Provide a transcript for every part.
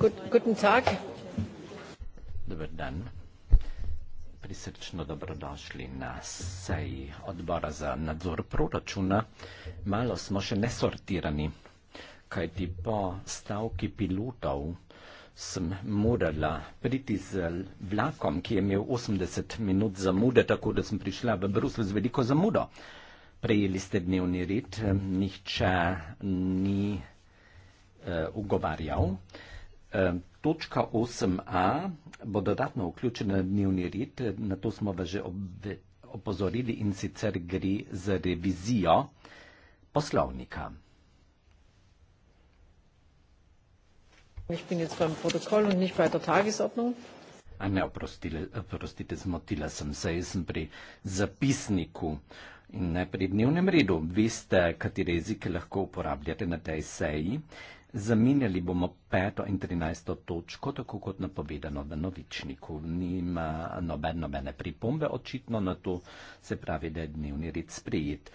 Guten Tag. Dober dan. Prisrčno dobrodošli na seji odbora za nadzor proračuna. Malo smo še nesortirani, kajti po stavki pilotov sem morala priti z vlakom, ki je imel 80 minut zamude, tako da sem prišla v Bruslj z veliko zamudo. Prejeli ste dnevni red, nihče ni uh, ugovarjal. Uh, Točka 8a bo dodatno vključena v dnevni red, na to smo vas že opozorili in sicer gre za revizijo poslovnika. A ne, oprostite, zmotila sem se, jaz sem pri zapisniku in ne pri dnevnem redu. Veste, katere jezike lahko uporabljate na tej seji. Zamenjali bomo peto in trinajsto točko, tako kot napovedano v novičniku. Nima noben, nobene pripombe, očitno na to se pravi, da je dnevni red sprejet.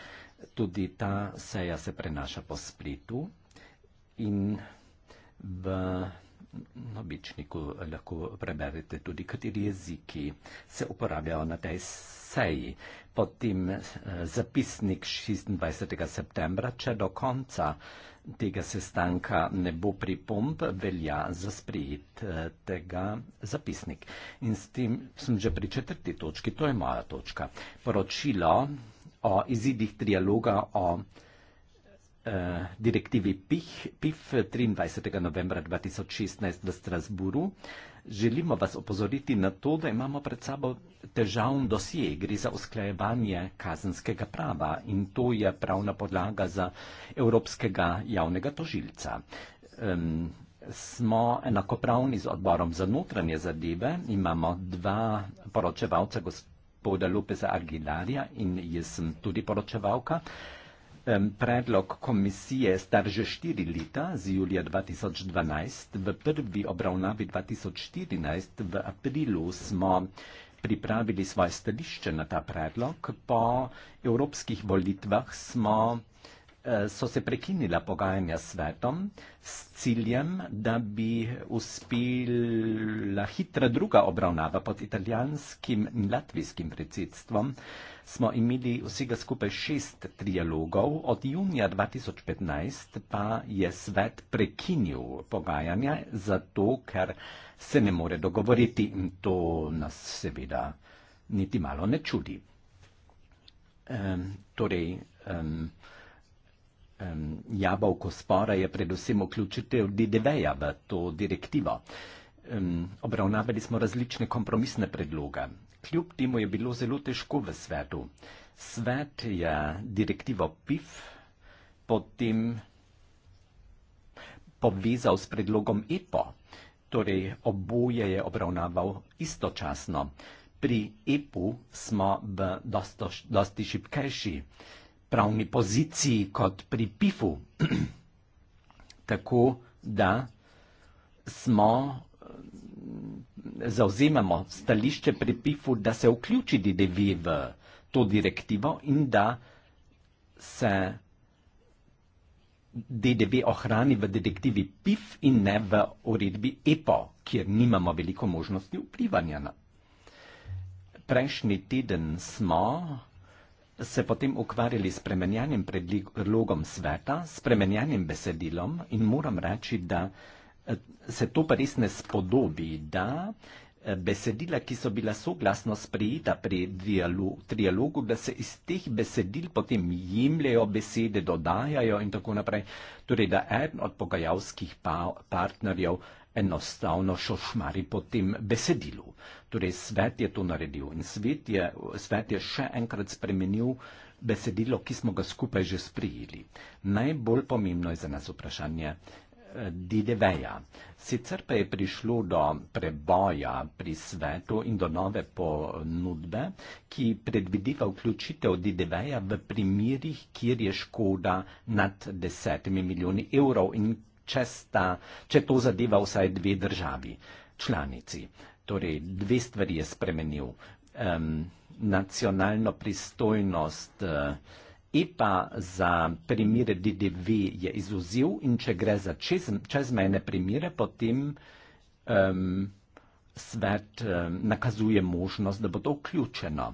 Tudi ta seja se prenaša po spletu in v novičniku lahko preberete tudi, kateri jeziki se uporabljajo na tej seji potem eh, zapisnik 26. septembra, če do konca tega sestanka ne bo pripomp, velja za sprejet eh, tega zapisnik. In s tem sem že pri četrti točki, to je moja točka. Poročilo o izidih trialoga o eh, direktivi PIF, PIF 23. novembra 2016 v Strasburu. Želimo vas opozoriti na to, da imamo pred sabo težavn dosje, gre za usklajevanje kazenskega prava in to je pravna podlaga za Evropskega javnega tožilca. Um, smo enakopravni z odborom za notranje zadeve, imamo dva poročevalca, gospoda Lopeza Aguilarja in jaz sem tudi poročevalka predlog komisije star že štiri leta, z julija 2012, v prvi obravnavi 2014, v aprilu smo pripravili svoje stališče na ta predlog. Po evropskih volitvah smo, e, so se prekinila pogajanja s svetom s ciljem, da bi uspela hitra druga obravnava pod italijanskim in latvijskim predsedstvom smo imeli vsega skupaj šest trialogov, od junija 2015 pa je svet prekinil pogajanja, zato ker se ne more dogovoriti in to nas seveda niti malo ne čudi. Um, torej, um, um, jabolko spora je predvsem vključitev DDV-ja v to direktivo. Um, obravnavali smo različne kompromisne predloge kljub temu je bilo zelo težko v svetu. Svet je direktivo PIF potem povezal s predlogom EPO, torej oboje je obravnaval istočasno. Pri EPO smo v dosto, dosti šipkejši pravni poziciji kot pri PIF-u. Tako da smo zauzemamo stališče pri PIF-u, da se vključi DDV v to direktivo in da se DDV ohrani v direktivi PIF in ne v uredbi EPO, kjer nimamo veliko možnosti vplivanja. Prejšnji teden smo se potem ukvarjali s premenjanjem predlogom sveta, s premenjanjem besedilom in moram reči, da se to pa res ne spodobi, da eh, besedila, ki so bila soglasno sprejeta pri dialog, trialogu, da se iz teh besedil potem jemljajo besede, dodajajo in tako naprej. Torej, da eden od pogajalskih pa, partnerjev enostavno šošmari po tem besedilu. Torej, svet je to naredil in svet je, svet je še enkrat spremenil besedilo, ki smo ga skupaj že sprejeli. Najbolj pomembno je za nas vprašanje, DDV-ja. Sicer pa je prišlo do preboja pri svetu in do nove ponudbe, ki predvideva vključitev DDV-ja v primerih, kjer je škoda nad desetimi milijoni evrov in če, sta, če to zadeva vsaj dve državi članici. Torej, dve stvari je spremenil. Um, nacionalno pristojnost. Uh, EPA za primere DDV je izuzil in če gre za čez, čezmejne primere, potem um, svet um, nakazuje možnost, da bo to vključeno.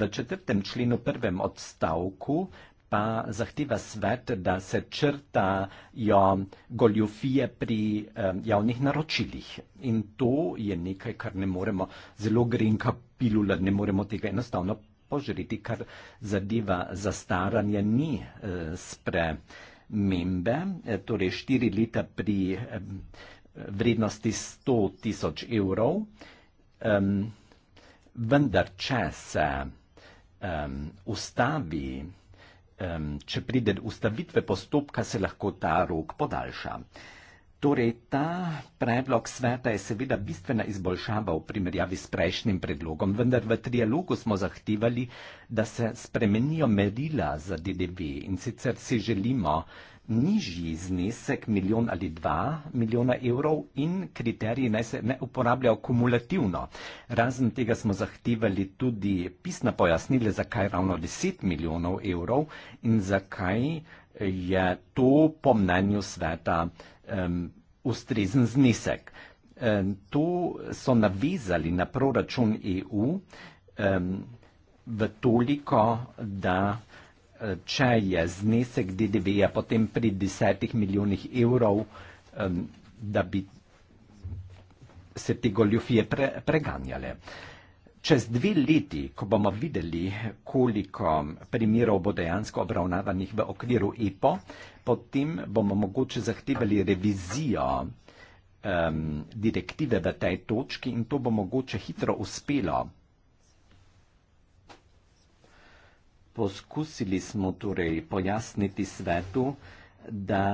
V četrtem členu prvem odstavku pa zahteva svet, da se črtajo goljofije pri um, javnih naročilih. In to je nekaj, kar ne moremo, zelo grenka pilula, ne moremo tega enostavno požreti, kar zadeva zastaranje, ni eh, spremembe, eh, torej štiri leta pri eh, vrednosti 100 tisoč evrov, vendar če se ustavi, če pride ustavitve postopka, se lahko ta rok podaljša. Torej, ta predlog sveta je seveda bistvena izboljšava v primerjavi s prejšnjim predlogom, vendar v trialogu smo zahtevali, da se spremenijo merila za DDV in sicer si želimo nižji znesek milijon ali dva milijona evrov in kriteriji naj se ne uporabljajo kumulativno. Razen tega smo zahtevali tudi pisna pojasnila, zakaj ravno 10 milijonov evrov in zakaj je to po mnenju sveta um, ustrezen znesek. Um, to so navezali na proračun EU um, v toliko, da eh, če je znesek DDV-ja potem pri desetih milijonih evrov, um, da bi se te goljofije pre, preganjale. Čez dve leti, ko bomo videli, koliko primerov bo dejansko obravnavanih v okviru EPO, uh, Potem bomo mogoče zahtevali revizijo um, direktive v tej točki in to bo mogoče hitro uspelo. Poskusili smo torej pojasniti svetu, da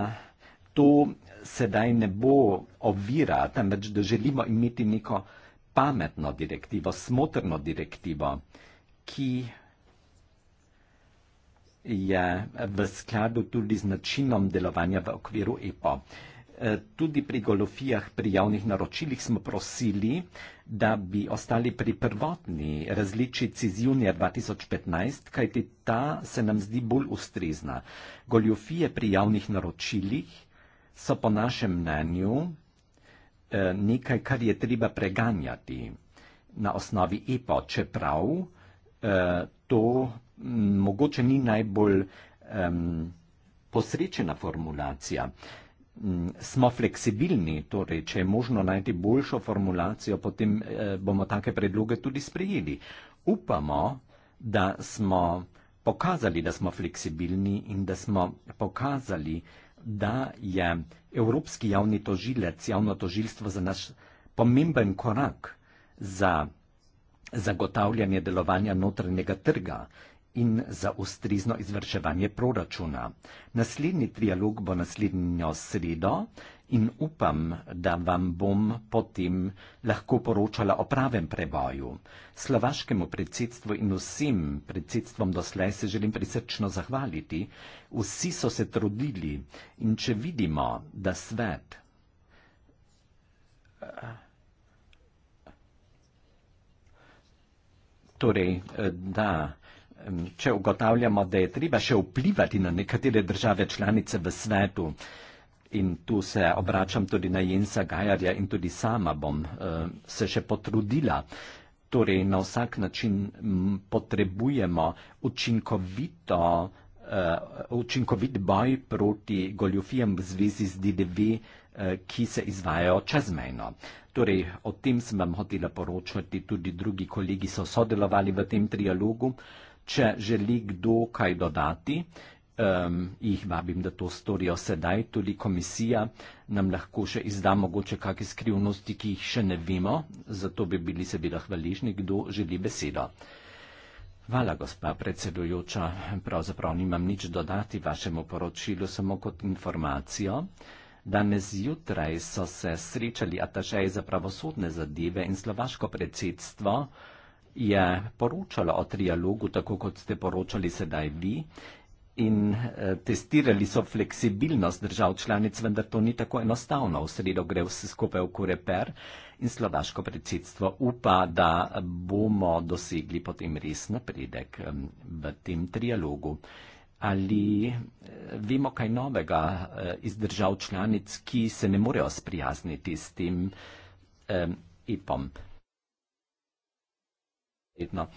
to sedaj ne bo ovira, temveč da želimo imeti neko pametno direktivo, smotrno direktivo, ki je v skladu tudi z načinom delovanja v okviru EPO. E, tudi pri golofijah, pri javnih naročilih smo prosili, da bi ostali pri prvotni različici z junija 2015, kajti ta se nam zdi bolj ustrezna. Goljofije pri javnih naročilih so po našem mnenju e, nekaj, kar je treba preganjati na osnovi EPO, čeprav e, to mogoče ni najbolj um, posrečena formulacija. Mm, smo fleksibilni, torej, če je možno najti boljšo formulacijo, potem eh, bomo take predloge tudi sprejeli. Upamo, da smo pokazali, da smo fleksibilni in da smo pokazali, da je Evropski javni tožilec, javno tožilstvo za naš pomemben korak za zagotavljanje delovanja notranjega trga in za ustrezno izvrševanje proračuna. Naslednji trialog bo naslednjo sredo in upam, da vam bom potem lahko poročala o pravem preboju. Slovaškemu predsedstvu in vsem predsedstvom doslej se želim prisrčno zahvaliti. Vsi so se trudili in če vidimo, da svet. Eh, torej, eh, da če ugotavljamo, da je treba še vplivati na nekatere države članice v svetu, in tu se obračam tudi na Jensa Gajarja in tudi sama bom eh, se še potrudila, torej na vsak način potrebujemo učinkovito eh, učinkovit boj proti goljufijam v zvezi z DDV, eh, ki se izvajajo čezmejno. Torej, o tem sem vam hotela poročati, tudi drugi kolegi so sodelovali v tem trialogu. Če želi kdo kaj dodati, um, jih vabim, da to storijo sedaj, tudi komisija nam lahko še izda mogoče kakšne skrivnosti, ki jih še ne vemo, zato bi bili seveda hvaležni, kdo želi besedo. Hvala, gospa predsedujoča, pravzaprav nimam nič dodati vašemu poročilu, samo kot informacijo. Danes zjutraj so se srečali atašeji za pravosodne zadeve in slovaško predsedstvo je poročala o trialogu, tako kot ste poročali sedaj vi. In e, testirali so fleksibilnost držav članic, vendar to ni tako enostavno. V sredo gre vse skupaj v Kureper in slovaško predsedstvo upa, da bomo dosegli potem res napredek v tem trialogu. Ali e, vemo kaj novega e, iz držav članic, ki se ne morejo sprijazniti s tem e, epom? konkretno.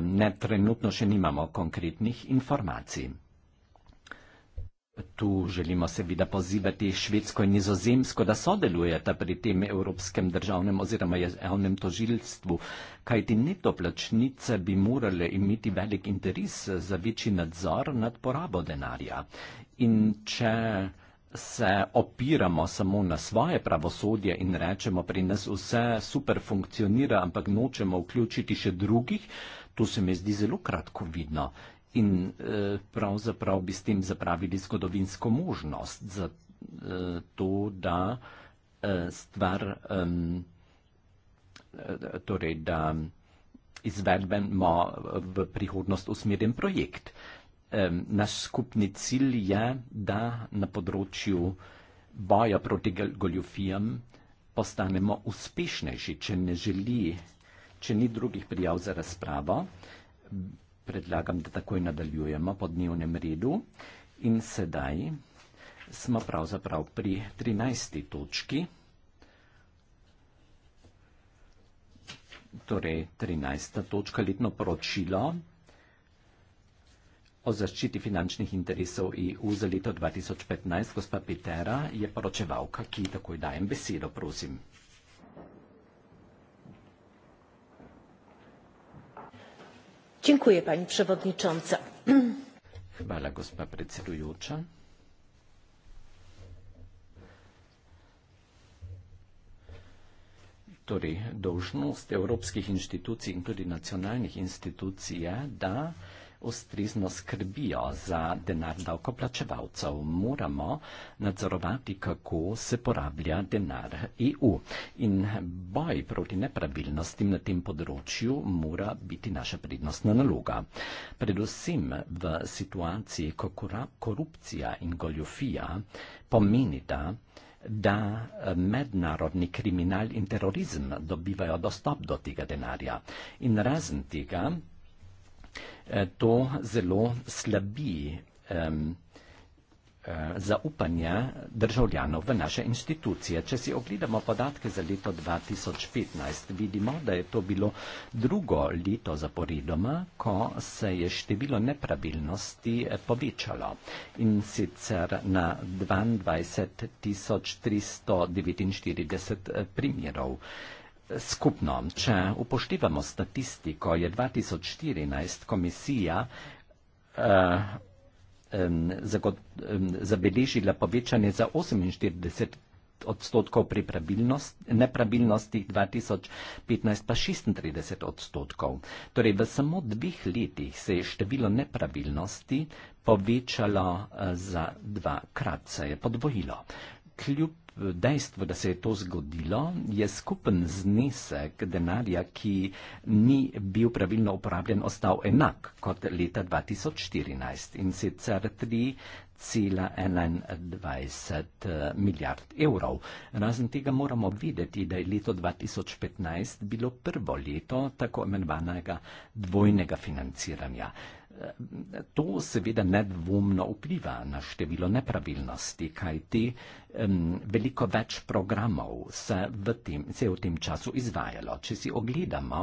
Ne, trenutno še nimamo konkretnih informacij. Tu želimo seveda pozivati Švedsko in Nizozemsko, da sodelujete pri tem Evropskem državnem oziroma javnem tožilstvu, kajti netoplačnice bi morale imeti velik interes za večji nadzor nad porabo denarja. In če se opiramo samo na svoje pravosodje in rečemo, pri nas vse super funkcionira, ampak nočemo vključiti še drugih, to se mi zdi zelo kratko vidno. In eh, pravzaprav bi s tem zapravili zgodovinsko možnost za eh, to, da eh, stvar, torej, da izvedbemo v prihodnost usmerjen projekt eh, naš skupni cilj je, da na področju boja proti goljofijam postanemo uspešnejši. Če ne želi, če ni drugih prijav za razpravo, predlagam, da takoj nadaljujemo po dnevnem redu. In sedaj smo pravzaprav pri 13. točki. Torej, 13. točka, letno poročilo o zaščiti finančnih interesov EU za leto 2015, gospa Petera je poročevalka, ki takoj dajem besedo, prosim. Dziękuję, pani przewodnicząca. Chwała, gospa predsedujuća. Torej, dolžnost evropskih inštitucij in tudi nacionalnih institucij je, da ustrezno skrbijo za denar davkoplačevalcev. Moramo nadzorovati, kako se porablja denar EU. In boj proti nepravilnostim na tem področju mora biti naša prednostna naloga. Predvsem v situaciji, ko korupcija in goljofija pomenita, da mednarodni kriminal in terorizem dobivajo dostop do tega denarja. In razen tega, Eh, to zelo slabi eh, zaupanje državljanov v naše institucije. Če si ogledamo podatke za leto 2015, vidimo, da je to bilo drugo leto zaporedoma, ko se je število nepravilnosti eh, povečalo. In sicer na 22.349 primerov. Skupno, če upoštevamo statistiko, je 2014 komisija eh, eh, zabeležila povečanje za 48 odstotkov pri nepravilnostih 2015 pa 36 odstotkov. Torej v samo dveh letih se je število nepravilnosti povečalo eh, za dvakrat, se je podvojilo kljub dejstvu, da se je to zgodilo, je skupen znesek denarja, ki ni bil pravilno uporabljen, ostal enak kot leta 2014 in sicer 3,21 eh, milijard evrov. Razen tega moramo videti, da je leto 2015 bilo prvo leto tako imenovanega dvojnega financiranja. To seveda nedvomno vpliva na število nepravilnosti, kajti um, veliko več programov se, v tem, se je v tem času izvajalo. Če si ogledamo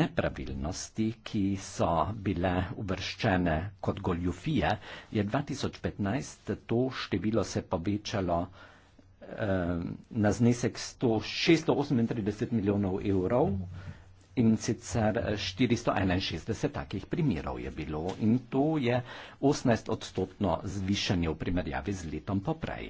nepravilnosti, ki so bile uvrščene kot goljufije, je 2015 to število se povečalo um, na znesek 100, 638 milijonov evrov. Mm -hmm in sicer 461 eh, takih primerov je bilo in to je 18 odstotno zvišanje v primerjavi z letom poprej.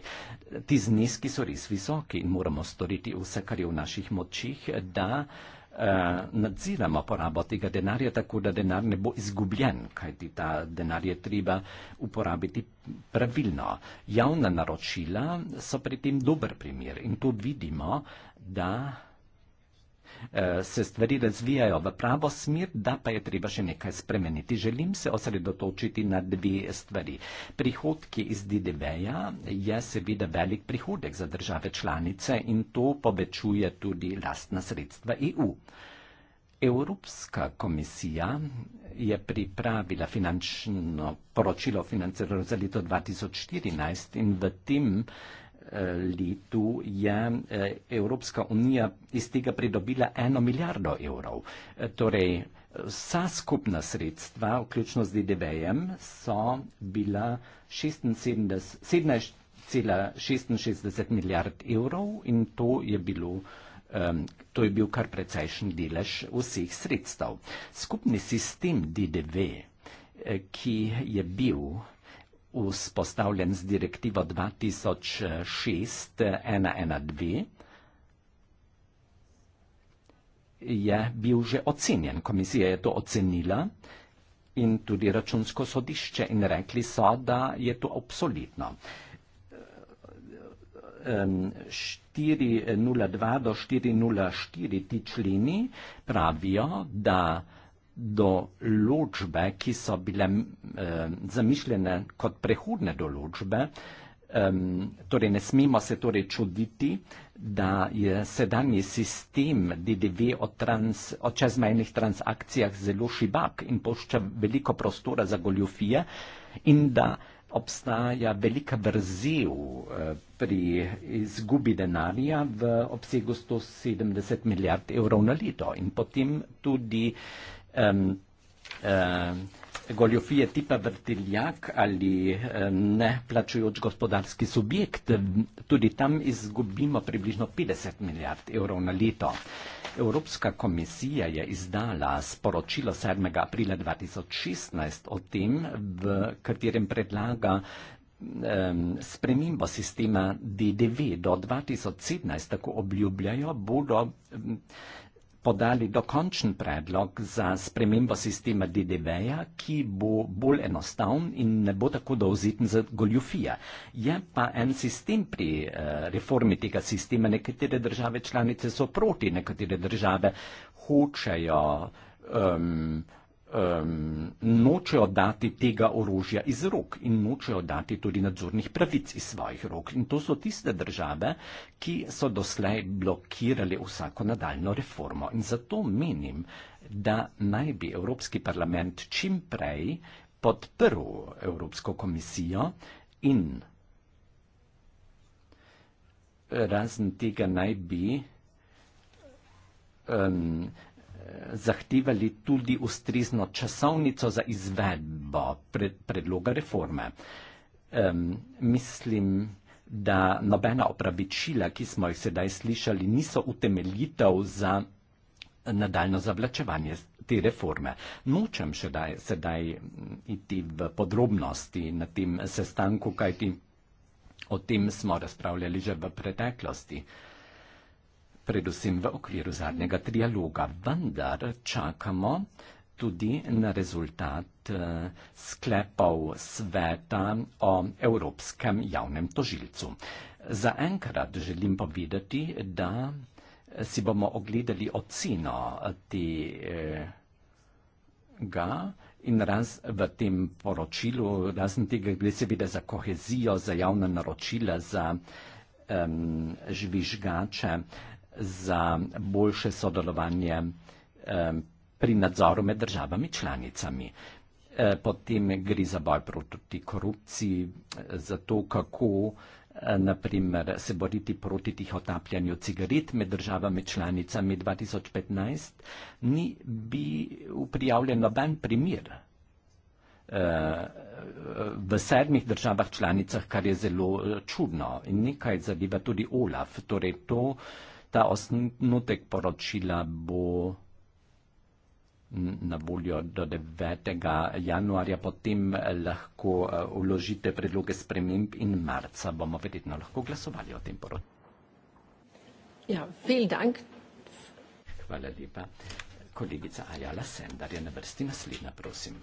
Ti zneski so res visoki in moramo storiti vse, kar je v naših močih, da eh, nadziramo porabo tega denarja, tako da denar ne bo izgubljen, kajti ta denar je treba uporabiti pravilno. Javna naročila so pri tem dober primer in to vidimo, da Eh, se stvari razvijajo v pravo smer, da pa je treba še nekaj spremeniti. Želim se osredotočiti na dve stvari. Prihodki iz DDV-ja je seveda velik prihodek za države članice in to povečuje tudi lastna sredstva EU. Evropska komisija je pripravila finančno poročilo financiranja za leto 2014 in v tem letu je eh, Evropska unija iz tega pridobila eno milijardo evrov. Eh, torej, vsa skupna sredstva, vključno z DDB-jem, so bila 17,66 milijard evrov in to je bilo. To je bil kar precejšen delež vseh sredstev. Skupni sistem DDV, eh, ki je bil vzpostavljen z direktivo 2006-112, je bil že ocenjen. Komisija je to ocenila in tudi računsko sodišče in rekli so, da je to obsolitno. 402 do 404 ti členi pravijo, da do ločbe, ki so bile eh, zamišljene kot prehudne do ločbe, eh, torej ne smemo se torej čuditi, da je sedanji sistem DDV o, trans, o čezmejnih transakcijah zelo šibak in pošča veliko prostora za goljofije in da obstaja velika vrzel eh, pri izgubi denarja v obsegu 170 milijard evrov na leto. In potem tudi um, um, goljofije tipa vrtiljak ali um, ne plačujoč gospodarski subjekt, tudi tam izgubimo približno 50 milijard evrov na leto. Evropska komisija je izdala sporočilo 7. aprila 2016 o tem, v katerem predlaga spremembo sistema DDV do 2017, tako obljubljajo, bodo podali dokončen predlog za spremembo sistema DDV-ja, ki bo bolj enostavn in ne bo tako dovziten za goljufije. Je pa en sistem pri eh, reformi tega sistema, nekatere države članice so proti, nekatere države hočejo. Um, um, nočejo dati tega orožja iz rok in nočejo dati tudi nadzornih pravic iz svojih rok. In to so tiste države, ki so doslej blokirali vsako nadaljno reformo. In zato menim, da naj bi Evropski parlament čim prej podprl Evropsko komisijo in razen tega naj bi um, zahtevali tudi ustrezno časovnico za izvedbo pred, predloga reforme. Um, mislim, da nobena opravičila, ki smo jih sedaj slišali, niso utemeljitev za nadaljno zavlačevanje te reforme. Nočem še daj, sedaj iti v podrobnosti na tem sestanku, kajti o tem smo razpravljali že v preteklosti. Uh, predvsem v okviru zadnjega trialoga, vendar čakamo tudi na rezultat eh, sklepov sveta o Evropskem javnem tožilcu. Za enkrat želim povedati, da si bomo ogledali oceno eh, tega in raz v tem poročilu, razen tega gre seveda za kohezijo, za javna naročila, za um, žvižgače. Uh, za boljše sodelovanje pri nadzoru med državami članicami. E, potem gre za boj proti korupciji, za to, kako e, naprimer, se boriti proti tihotapljanju cigaret med državami članicami 2015, ni bi uprijavljen noben primer e, v sedmih državah članicah, kar je zelo čudno in nekaj zadeva tudi Olaf. Torej to, Ta osnutek poročila bo na voljo do 9. januarja, potem eh, lahko uložite eh, predloge sprememb in marca bomo verjetno lahko glasovali o tem poročilu. Ja, vel dank. Hvala lepa. Kolegica Ajala Sendar je na vrsti naslednja, prosim.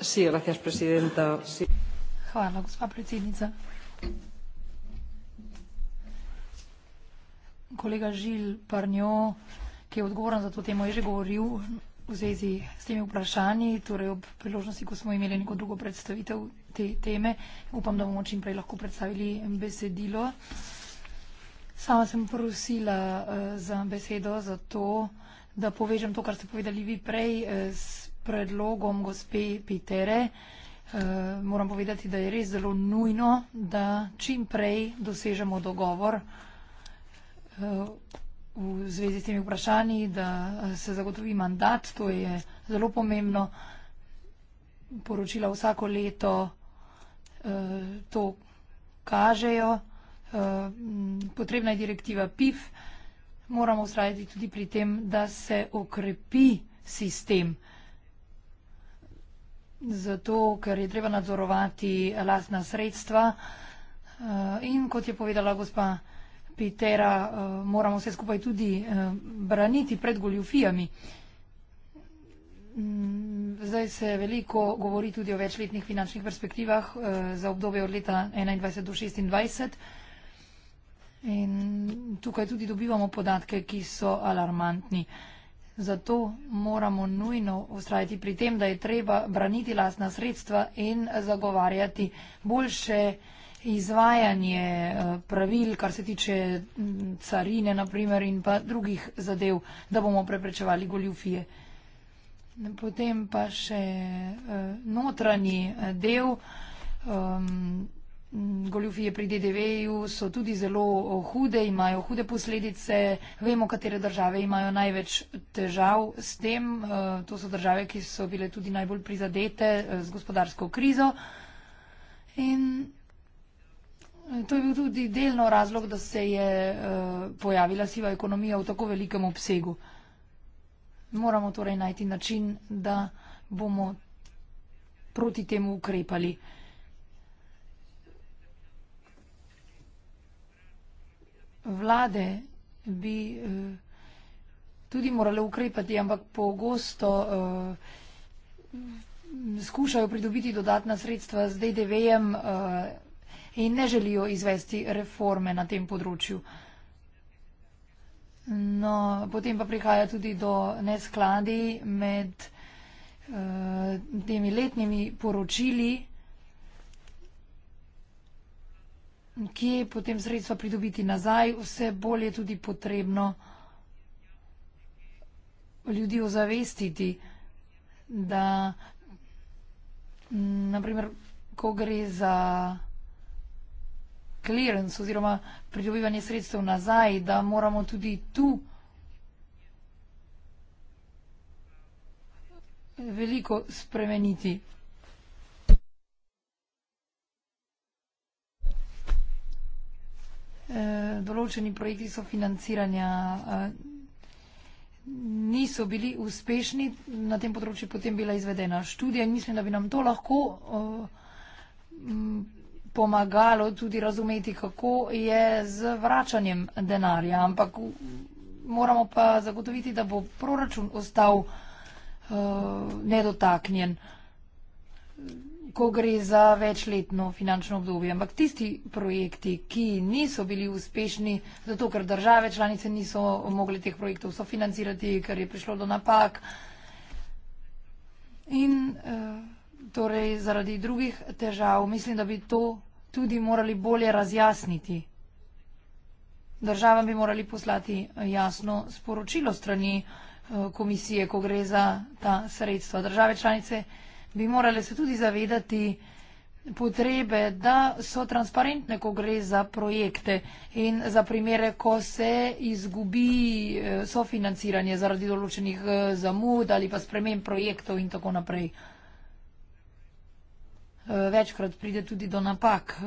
Sí, gracias, presidenta. Sí. Hvala, gospa predsednica. kolega Žil Parnjo, ki je odgovoren za to temo, je že govoril v zvezi s temi vprašanji, torej ob priložnosti, ko smo imeli neko drugo predstavitev te teme. Upam, da bomo čim prej lahko predstavili besedilo. Sama sem prosila uh, za besedo za to, da povežem to, kar ste povedali vi prej, uh, s predlogom gospe Pitere. Uh, moram povedati, da je res zelo nujno, da čim prej dosežemo dogovor uh, v zvezi s temi vprašanji, da eh, se zagotovi mandat. To je zelo pomembno. Poročila vsako leto eh, to kažejo. Eh, potrebna je direktiva PIF. Moramo ustrajati tudi pri tem, da se okrepi sistem. Zato, ker je treba nadzorovati lastna sredstva. In kot je povedala gospa Pitera uh, moramo vse skupaj tudi uh, braniti pred goljufijami. Mm, zdaj se veliko govori tudi o večletnih finančnih perspektivah uh, za obdobje od leta 2021 do 2026. In tukaj tudi dobivamo podatke, ki so alarmantni. Zato moramo nujno ustrajati pri tem, da je treba braniti lastna sredstva in zagovarjati boljše uh, izvajanje eh, pravil, kar se tiče mm, carine naprimer in pa drugih zadev, da bomo preprečevali goljufije. Potem pa še eh, notranji eh, del. Ehm, goljufije pri DDV-ju so tudi zelo hude, imajo hude posledice. Vemo, katere države imajo največ težav s tem. To so države, ki so bile tudi najbolj prizadete z gospodarsko krizo. In To je bil tudi delno razlog, da se je uh, pojavila siva ekonomija v tako velikem obsegu. Moramo torej najti način, da bomo proti temu ukrepali. Vlade bi eh, tudi morale ukrepati, ampak pogosto uh, skušajo pridobiti dodatna sredstva z DDV-jem. Uh, in ne želijo izvesti reforme na tem področju. No, potem pa prihaja tudi do neskladi med eh, temi letnimi poročili, kje potem sredstva pridobiti nazaj, vse bolje tudi potrebno ljudi ozavestiti, da naprimer, ko gre za clearance oziroma pridobivanje sredstev nazaj, da moramo tudi tu veliko spremeniti. E, določeni projekti so financiranja e, niso bili uspešni na tem področju, potem bila izvedena študija in mislim, da bi nam to lahko e, pomagalo tudi razumeti, kako je z vračanjem denarja. Ampak moramo pa zagotoviti, da bo proračun ostal uh, nedotaknjen, ko gre za večletno finančno obdobje. Ampak tisti projekti, ki niso bili uspešni, zato ker države članice niso mogli teh projektov sofinancirati, ker je prišlo do napak. In, uh, torej zaradi drugih težav. Mislim, da bi to tudi morali bolje razjasniti. Državam bi morali poslati jasno sporočilo strani eh, komisije, ko gre za ta sredstva. Države članice bi morale se tudi zavedati potrebe, da so transparentne, ko gre za projekte in za primere, ko se izgubi eh, sofinanciranje zaradi določenih eh, zamud ali pa sprememb projektov in tako naprej. Eh, večkrat pride tudi do napak eh,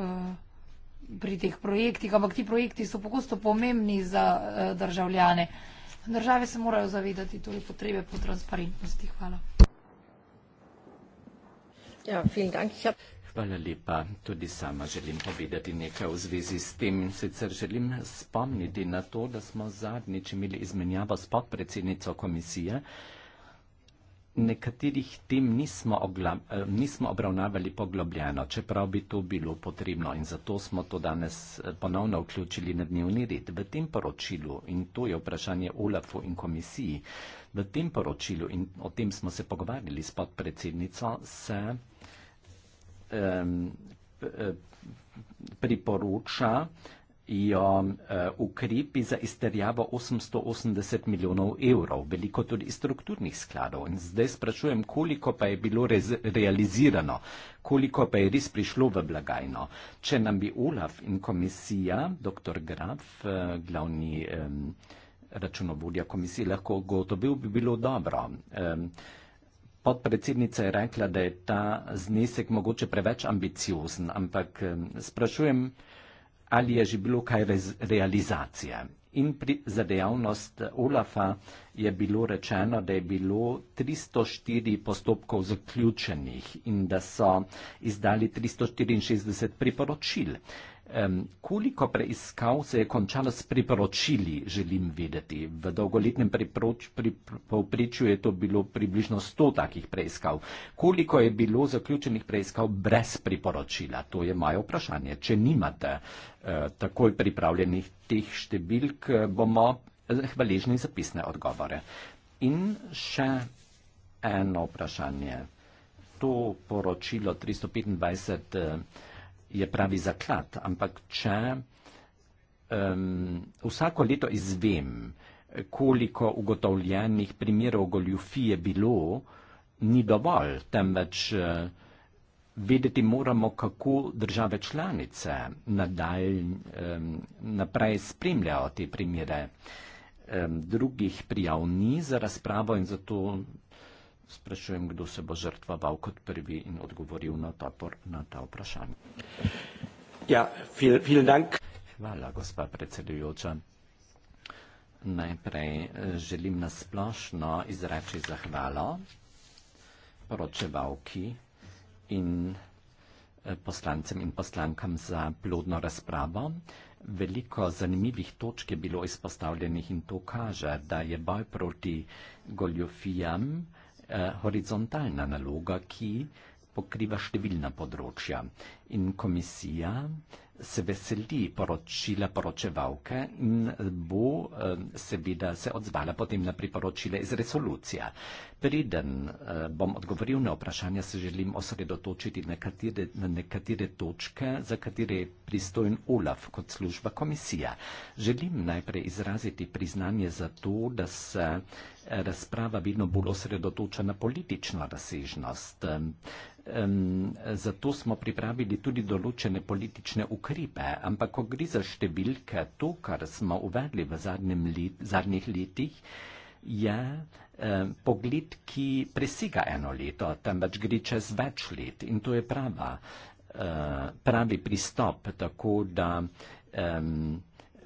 pri teh projektih, ampak ti projekti so pogosto pomembni za eh, državljane. Države se morajo zavedati tudi potrebe po transparentnosti. Hvala. Ja, vielen Dank. Ich hab... Hvala lepa. Tudi sama želim povedati nekaj v zvezi s tem. Sicer želim spomniti na to, da smo zadnjič imeli izmenjavo s podpredsednico komisije, nekaterih tem nismo, ogla, eh, nismo obravnavali poglobljeno, čeprav bi to bilo potrebno in zato smo to danes eh, ponovno vključili na dnevni red. V tem poročilu, in to je vprašanje Olafu in komisiji, v tem poročilu, in o tem smo se pogovarjali s podpredsednico, se um, priporoča, jo uh, ukrepi za izterjavo 880 milijonov evrov, veliko tudi iz strukturnih skladov. In zdaj sprašujem, koliko pa je bilo rez, realizirano, koliko pa je res prišlo v blagajno. Če nam bi Olaf in komisija, dr. Graf, uh, glavni um, računovodja komisije, lahko gotovil, bi bilo dobro. Um, Podpredsednica je rekla, da je ta znesek mogoče preveč ambiciozen, ampak um, sprašujem, ali je že bilo kaj realizacije. In pri, za dejavnost eh, OLAFA je bilo rečeno, da je bilo 304 postopkov zaključenih in da so izdali 364 priporočil. Um, koliko preiskav se je končalo s priporočili, želim vedeti. V dolgoletnem povprečju je to bilo približno 100 takih preiskav. Koliko je bilo zaključenih preiskav brez priporočila? To je moje vprašanje. Če nimate uh, takoj pripravljenih teh številk, eh, bomo eh, hvaležni za pisne odgovore. In še eno vprašanje. To poročilo 325. Uh, je pravi zaklad, ampak če um, vsako leto izvem, koliko ugotovljenih primerov goljufije bilo, ni dovolj, temveč eh, vedeti moramo, kako države članice nadalj um, naprej spremljajo te primere um, drugih prijav ni za razpravo in zato sprašujem, kdo se bo žrtvoval kot prvi in odgovoril na ta, por, na ta vprašanje. Ja, viel, viel dank. Hvala, gospa predsedujoča. Najprej eh, želim na splošno izreči zahvalo poročevalki in eh, poslancem in poslankam za plodno razpravo. Veliko zanimivih točk je bilo izpostavljenih in to kaže, da je boj proti goljofijam Eh, horizontalna naloga, ki pokriva številna področja. In komisija se veseli poročila poročevalke in bo seveda se odzvala potem na priporočile iz resolucije. Preden bom odgovoril na vprašanja, se želim osredotočiti na katere, na nekatere točke, za katere je pristojen OLAF kot služba komisija. Želim najprej izraziti priznanje za to, da se razprava vedno bolj osredotoča na politično razsežnost. Zato smo pripravili tudi določene politične ukrepe, ukrepe, ampak ko gre za številke, to, kar smo uvedli v let, zadnjih letih, je eh, pogled, ki presega eno leto, temveč gre čez več let in to je prava, eh, pravi pristop, tako da eh,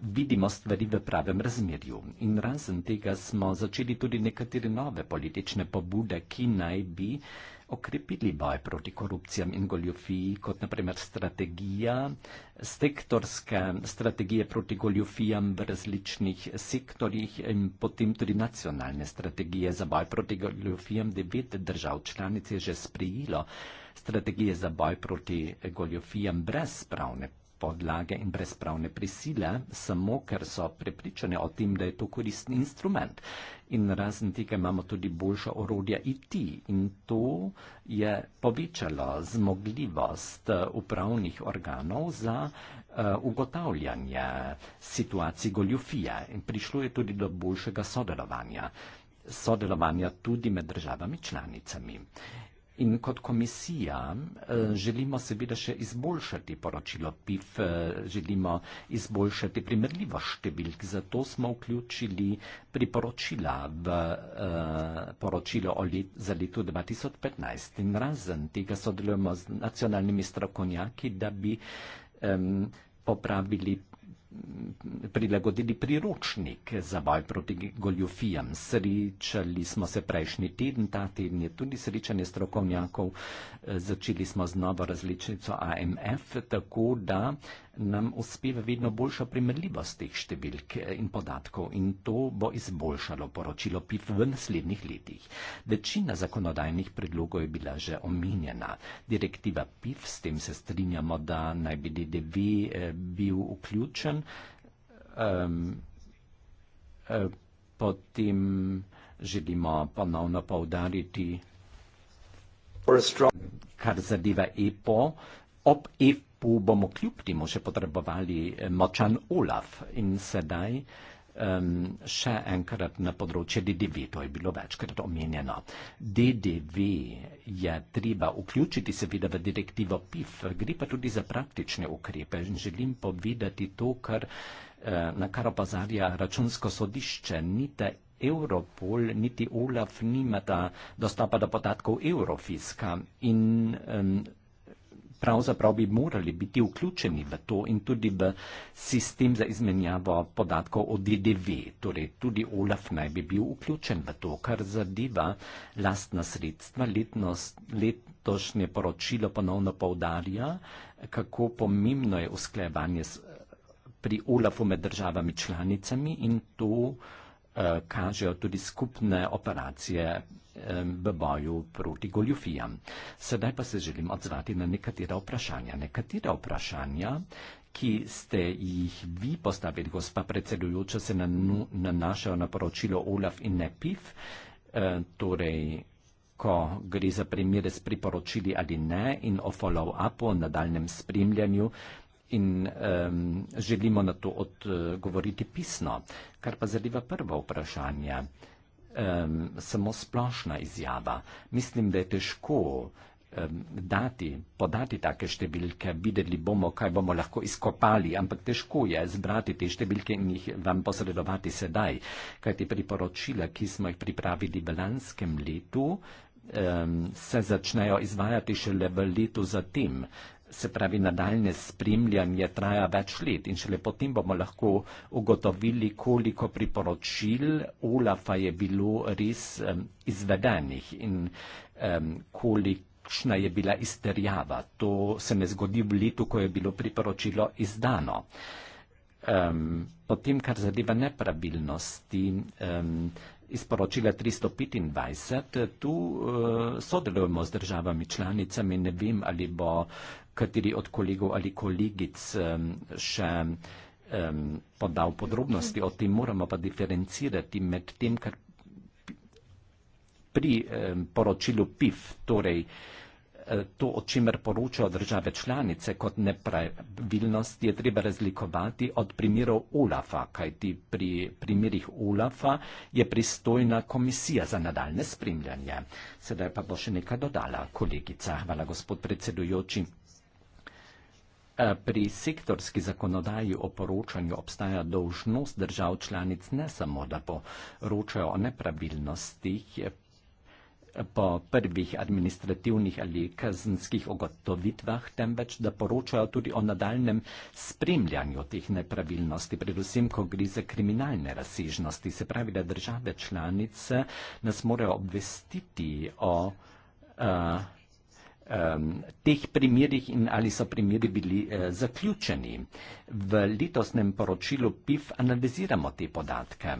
vidimo stvari v pravem razmerju. In razen tega smo začeli tudi nekatere nove politične pobude, ki naj bi eh, okrepili boj proti korupcijam in goljofiji, kot naprimer strategija, sektorske strategije proti goljofijam v različnih sektorjih in potem tudi nacionalne strategije za boj proti goljofijam. Devet držav članic je že sprijelo strategije za boj proti goljofijam brez pravne podlage in brez pravne prisile, samo ker so prepričani o tem, da je to koristni instrument. In razen tega imamo tudi boljša orodja IT in to je povečalo zmogljivost eh, upravnih organov za uh, ugotavljanje situacij goljufije in prišlo je tudi do boljšega sodelovanja, sodelovanja tudi med državami članicami. In kot komisija eh, želimo seveda še izboljšati poročilo PIF, eh, želimo izboljšati primerljivo številk, zato smo vključili priporočila v eh, poročilo za leto 2015. In razen tega sodelujemo z nacionalnimi strokovnjaki, da bi popravili prilagodili priročnik za boj proti goljofijam. Srečali smo se prejšnji teden, ta teden je tudi srečanje strokovnjakov, začeli smo z novo različico AMF, tako da nam uspeva vedno boljša primerljivost teh številk in podatkov in to bo izboljšalo poročilo PIF v naslednjih letih. Večina zakonodajnih predlogov je bila že omenjena. Direktiva PIF, s tem se strinjamo, da naj bi DDV eh, bil vključen, Um, potem želimo ponovno povdariti, kar zadeva EPO. Ob EPO bomo kljub temu še potrebovali močan OLAF in sedaj um, še enkrat na področje DDV, to je bilo večkrat omenjeno. DDV je treba vključiti seveda v direktivo PIF, gre pa tudi za praktične ukrepe in želim povedati to, kar, eh, na kar opozarja računsko sodišče. Nite Europol niti OLAF nimata dostopa do podatkov Eurofiska in um, pravzaprav bi morali biti vključeni v to in tudi v sistem za izmenjavo podatkov o DDV. Torej tudi OLAF naj bi bil vključen v to, kar zadeva lastna sredstva. Letnost, letošnje poročilo ponovno povdarja, kako pomembno je usklajevanje pri OLAF-u med državami članicami in to eh, kažejo tudi skupne operacije v boju proti goljufijam. Sedaj pa se želim odzvati na nekatera vprašanja. Nekatera vprašanja, ki ste jih vi postavili, gospa predsedujoča, se nanašajo na poročilo Olaf in ne PIF, e, torej, ko gre za primere s priporočili ali ne in o follow-upu, o nadaljem spremljanju. In um, želimo na to odgovoriti pisno. Kar pa zadeva prvo vprašanje um, samo splošna izjava. Mislim, da je težko um, dati, podati take številke, videli bomo, kaj bomo lahko izkopali, ampak težko je zbrati te številke in jih vam posredovati sedaj. Kaj ti priporočila, ki smo jih pripravili v lanskem letu, um, se začnejo izvajati šele v letu zatem. Se pravi, nadaljne spremljanje traja več let in šele potem bomo lahko ugotovili, koliko priporočil Olafa je bilo res um, izvedenih in um, kolikšna je bila izterjava. To se ne zgodi v letu, ko je bilo priporočilo izdano. Um, potem, kar zadeva nepravilnosti. Um, Iz poročila 325 tu uh, sodelujemo z državami članicami, ne vem, ali bo uh, kateri od kolegov ali kolegic še podal podrobnosti o tem, moramo pa diferencirati med tem, kar pri poročilu PIF, torej e, to, o čemer poročajo države članice kot nepravilnost, je treba razlikovati od primerov OLAFA, kajti pri primerih OLAFA je pristojna komisija za nadaljne spremljanje. Sedaj pa bo še nekaj dodala kolegica. Hvala, gospod predsedujoči. Pri sektorski zakonodaji o poročanju obstaja dolžnost držav članic ne samo, da poročajo o nepravilnostih po prvih administrativnih ali kazenskih ogotovitvah, temveč da poročajo tudi o nadaljem spremljanju teh nepravilnosti, predvsem, ko gre za kriminalne razsežnosti. Se pravi, da države članice nas morajo obvestiti o. Uh, um, teh primerjih in ali so primeri bili uh, zaključeni. V letosnem poročilu PIF analiziramo te podatke.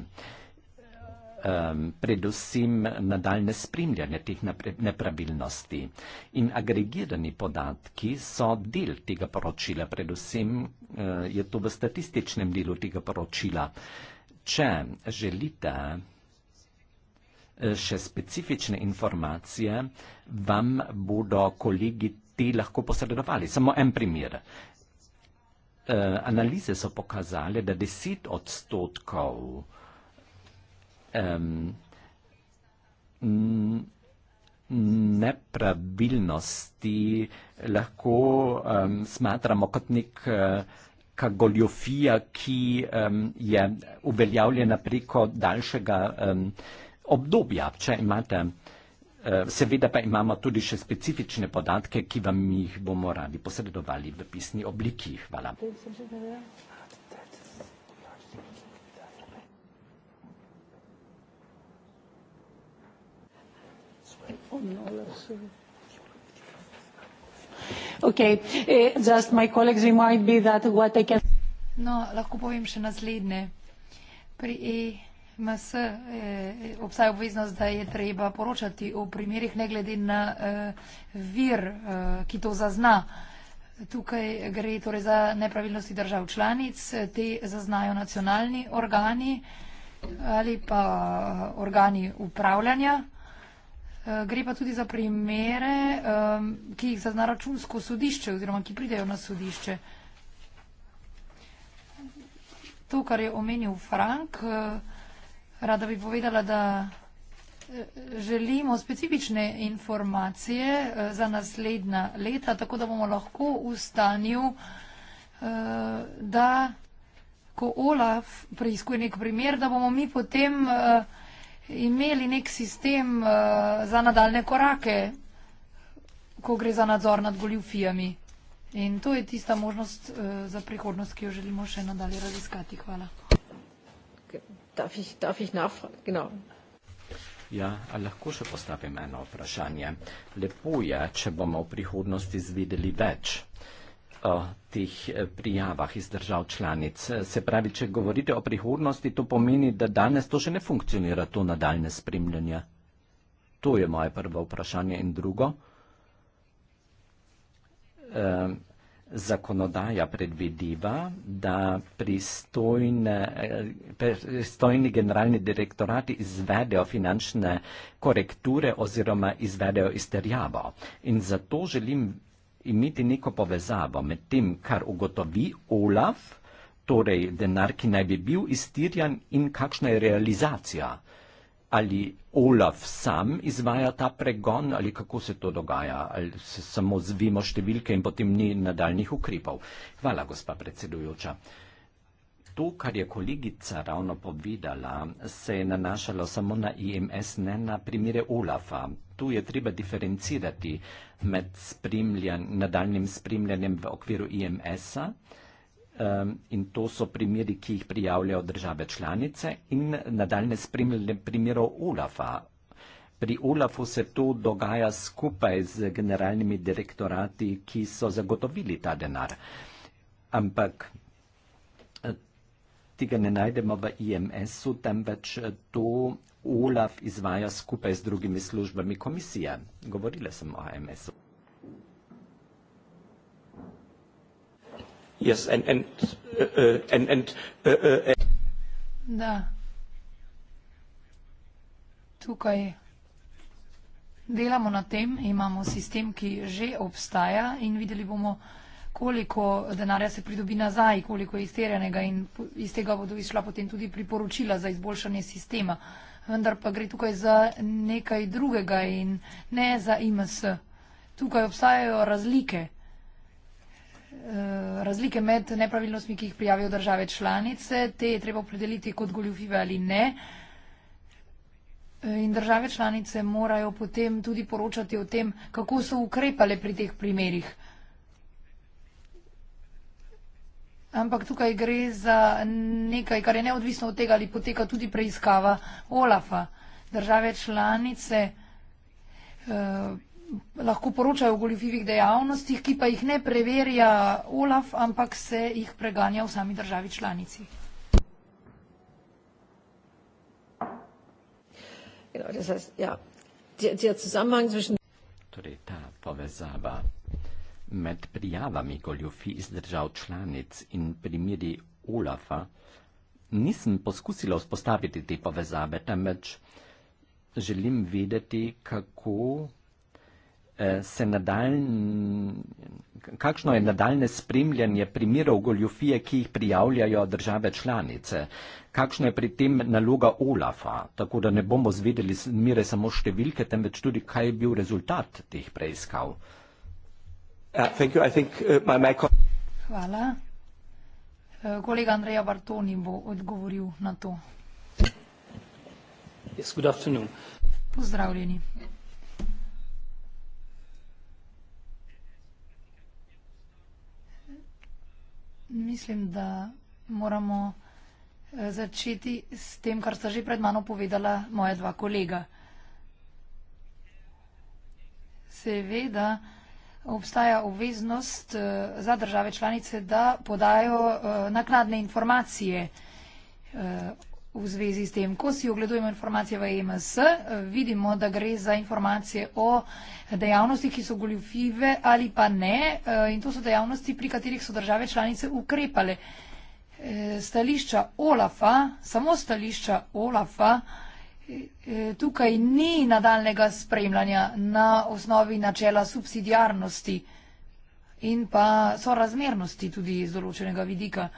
Um, predvsem nadaljne spremljanje teh nepravilnosti. In agregirani podatki so del tega poročila, predvsem uh, je to v statističnem delu tega poročila. Če želite Eh, še specifične informacije vam bodo kolegi ti lahko posredovali. Samo en primer. Eh, analize so pokazali, da deset odstotkov nepravilnosti lahko smatramo kot nek eh, goljofija, ki je uveljavljena preko daljšega vsega obdobja, če imate. Eh, seveda pa imamo tudi še specifične podatke, ki vam jih bomo radi posredovali v pisni obliki. Hvala. Okay. Eh, no, lahko povem še naslednje. Pri E. MS eh, eh, obstaja obveznost, da je treba poročati o primerih, ne glede na eh, vir, ki to zazna. Tukaj gre torej za nepravilnosti držav članic, te zaznajo nacionalni organi ali pa organi upravljanja. Gre pa tudi za primere, ki jih zazna računsko sodišče oziroma ki pridejo na sodišče. To, kar je omenil Frank, Rada bi povedala, da eh, želimo specifične informacije eh, za naslednja leta, tako da bomo lahko v stanju, eh, da ko OLAF preizkuje nek primer, da bomo mi potem imeli nek sistem za nadaljne korake, ko gre za nadzor nad goljufijami. In to je tista možnost za prihodnost, ki jo želimo še nadalje raziskati. Hvala. Darf ich, darf ich nachfragen? Genau. Ja, lahko še postavim eno vprašanje. Lepo je, če bomo v prihodnosti izvedeli več o eh, teh eh, prijavah iz držav članic. Se pravi, če govorite o prihodnosti, to pomeni, da danes to še ne funkcionira, to nadaljne spremljanje. To je moje prvo vprašanje. In drugo, eh, zakonodaja predvidiva, da pristojni generalni direktorati izvedejo finančne korekture oziroma izvedejo izterjavo. In zato želim imeti neko povezavo med tem, kar ugotovi Olaf, torej denar, ki naj bi bil iztirjan in kakšna je realizacija ali Olaf sam izvaja ta pregon ali kako se to dogaja, ali se samo zvimo številke in potem ni nadaljnih ukrepov. Hvala, gospa predsedujoča. To, kar je kolegica ravno povedala, se je nanašalo samo na IMS, ne na primere Olafa. Tu je treba diferencirati med spremljan, nadaljnim spremljanjem v okviru IMS-a um, in to so primeri, ki jih prijavljajo države članice in nadaljne spremljanje primerov Olafa. Pri Olafu se to dogaja skupaj z generalnimi direktorati, ki so zagotovili ta denar. Ampak eh, tega ne najdemo v IMS-u, temveč eh, to Olaf izvaja skupaj z drugimi službami komisije. Govorila sem o IMS-u. Yes, and and uh, uh, and and. Uh, uh, and da. Tukaj delamo na tem, imamo sistem, ki že obstaja in videli bomo, koliko denarja se pridobi nazaj, koliko je izterjenega in iz tega bodo izšla potem tudi priporočila za izboljšanje sistema. Vendar pa gre tukaj za nekaj drugega in ne za IMS. Tukaj obstajajo razlike. Eh, razlike med nepravilnostmi, ki jih prijavijo države članice, te je treba opredeliti kot goljufive ali ne. Eh, in države članice morajo potem tudi poročati o tem, kako so ukrepale pri teh primerih. Ampak tukaj gre za nekaj, kar je neodvisno od tega, ali poteka tudi preiskava Olafa. Države članice. Uh, lahko poročajo o goljufivih dejavnostih, ki pa jih ne preverja OLAF, ampak se jih preganja v sami državi članici. Ja, torej ta povezava med prijavami goljufi iz držav članic in primiri OLAF-a nisem poskusila vzpostaviti te povezave, temveč želim vedeti, kako Eh, se nadaljne, kakšno je nadaljne spremljanje primerov goljofije, ki jih prijavljajo države članice? Kakšna je pri tem naloga OLAFA? Tako da ne bomo zvedeli mire samo številke, temveč tudi, kaj je bil rezultat teh preiskav. Uh, uh, Hvala. Uh, kolega Andreja Bartoni bo odgovoril na to. Pozdravljeni. Mislim, da moramo eh, začeti s tem, kar sta že pred mano povedala moja dva kolega. Seveda obstaja obveznost eh, za države članice, da podajo eh, nakladne informacije v zvezi s tem. Ko si ogledujemo informacije v EMS, vidimo, da gre za informacije o dejavnostih, ki so goljufive ali pa ne eh, in to so dejavnosti, pri katerih so države članice ukrepale. Eh, stališča OLAFA, samo stališča OLAFA, eh, tukaj ni nadaljnega spremljanja na osnovi načela subsidiarnosti in pa sorazmernosti tudi iz določenega vidika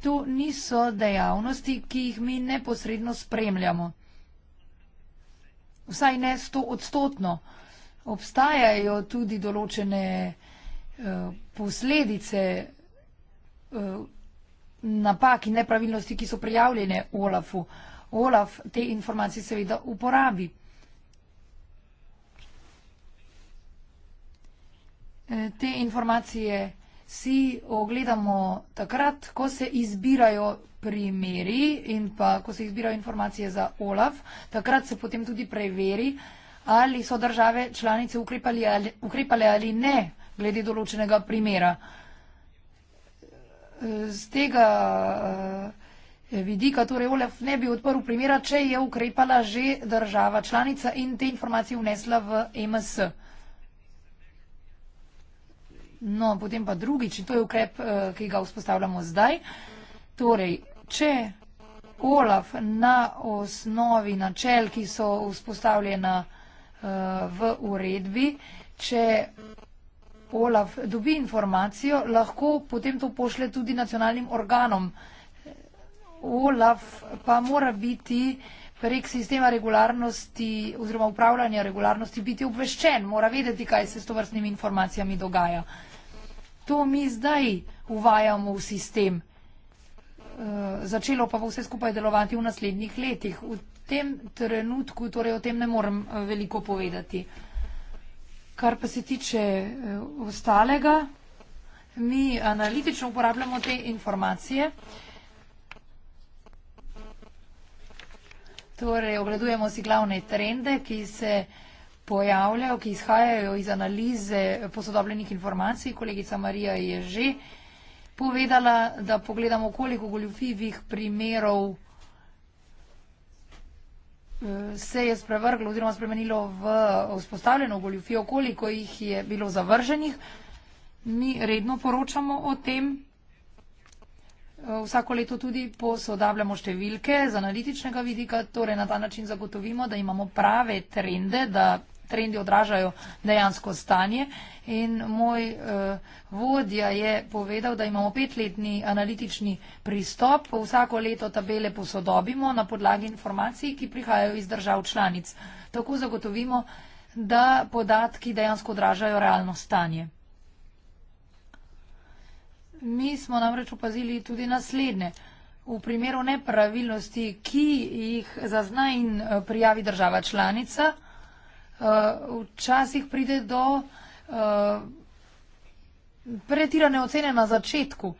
to niso dejavnosti, ki jih mi neposredno spremljamo. Vsaj ne sto odstotno. Obstajajo tudi določene uh, posledice uh, napak in nepravilnosti, ki so prijavljene Olafu. Olaf te informacije seveda uporabi. Eh, te informacije si ogledamo takrat, ko se izbirajo primeri in pa ko se izbirajo informacije za OLAF, takrat se potem tudi preveri, ali so države članice ukrepali ali, ukrepali ali ne glede določenega primera. Z tega eh, vidika torej OLAF ne bi odprl primera, če je ukrepala že država članica in te informacije vnesla v e MS. No, potem pa drugič, in to je ukrep, eh, ki ga vzpostavljamo zdaj. Torej, če OLAF na osnovi načel, ki so vzpostavljena eh, v uredbi, če OLAF dobi informacijo, lahko potem to pošle tudi nacionalnim organom. OLAF pa mora biti prek sistema regularnosti oziroma upravljanja regularnosti biti obveščen, mora vedeti, kaj se s tovrstnimi informacijami dogaja to mi zdaj uvajamo v sistem. E, začelo pa bo vse skupaj delovati v naslednjih letih. V tem trenutku torej o tem ne morem eh, veliko povedati. Kar pa se tiče eh, ostalega, mi analitično uporabljamo te informacije. Torej, ogledujemo si glavne trende, ki se uh, pojavljajo, ki izhajajo iz analize posodobljenih informacij. Kolegica Marija je že povedala, da pogledamo, koliko goljufivih primerov eh, se je sprevrglo oziroma spremenilo v vzpostavljeno goljufijo, koliko jih je bilo zavrženih. Mi redno poročamo o tem. Eh, vsako leto tudi posodabljamo številke z analitičnega vidika, torej na ta način zagotovimo, da imamo prave trende, da trendi odražajo dejansko stanje. In moj uh, vodja je povedal, da imamo petletni analitični pristop, vsako leto tabele posodobimo na podlagi informacij, ki prihajajo iz držav članic. Tako zagotovimo, da podatki dejansko odražajo realno stanje. Mi smo namreč opazili tudi naslednje. V primeru nepravilnosti, ki jih zazna in eh, prijavi država članica, včasih pride do uh, pretirane ocene na začetku.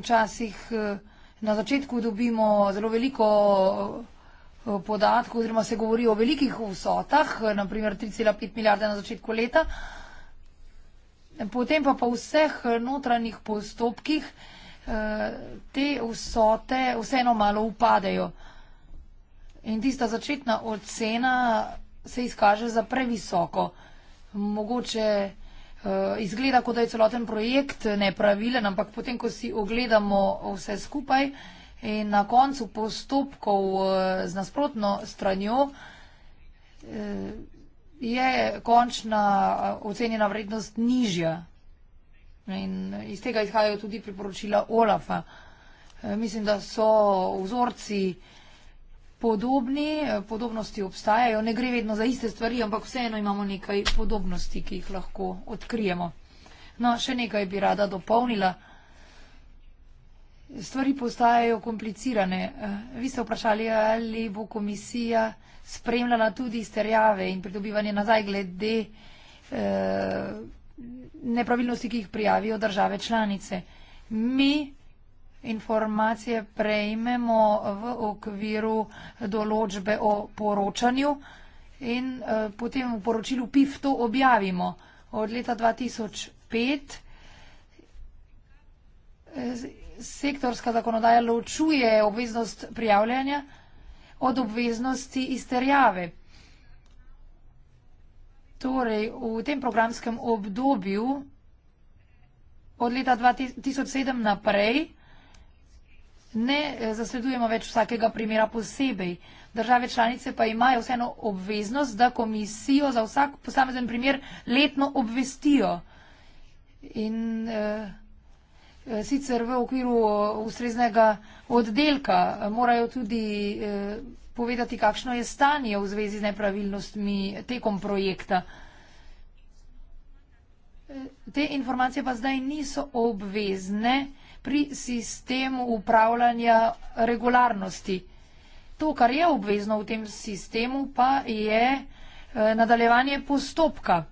Včasih uh, na začetku dobimo zelo veliko uh, podatkov, oziroma se govori o velikih vsotah, naprimer 3,5 milijarde na začetku leta. Potem pa po vseh notranjih postopkih te vsote vseeno malo upadejo. In tista začetna ocena se izkaže za previsoko. Mogoče uh, izgleda, kot da je celoten projekt nepravilen, ampak potem, ko si ogledamo vse skupaj in na koncu postopkov uh, z nasprotno stranjo, uh, je končna ocenjena vrednost nižja. In iz tega izhajajo tudi priporočila Olafa. Uh, mislim, da so vzorci uh, podobni, eh, podobnosti obstajajo, ne gre vedno za iste stvari, ampak vseeno imamo nekaj podobnosti, ki jih lahko odkrijemo. No, še nekaj bi rada dopolnila. Stvari postajajo komplicirane. Eh, vi ste vprašali, ali bo komisija spremljala tudi izterjave in pridobivanje nazaj glede eh, nepravilnosti, ki jih prijavijo države članice. Mi informacije prejmemo v okviru določbe o poročanju in eh, potem v poročilu PIF to objavimo od leta 2005. Eh, sektorska zakonodaja ločuje obveznost prijavljanja od obveznosti izterjave. Torej, v tem programskem obdobju od leta 2007 naprej, ne eh, zasledujemo več vsakega primera posebej. Države članice pa imajo vseeno obveznost, da komisijo za vsak posamezen primer letno obvestijo. In eh, eh sicer v okviru eh, ustreznega oddelka morajo tudi eh, povedati, kakšno je stanje v zvezi z nepravilnostmi tekom projekta. Te informacije pa zdaj niso obvezne pri sistemu upravljanja regularnosti. To, kar je obvezno v tem sistemu, pa je eh, nadaljevanje postopka.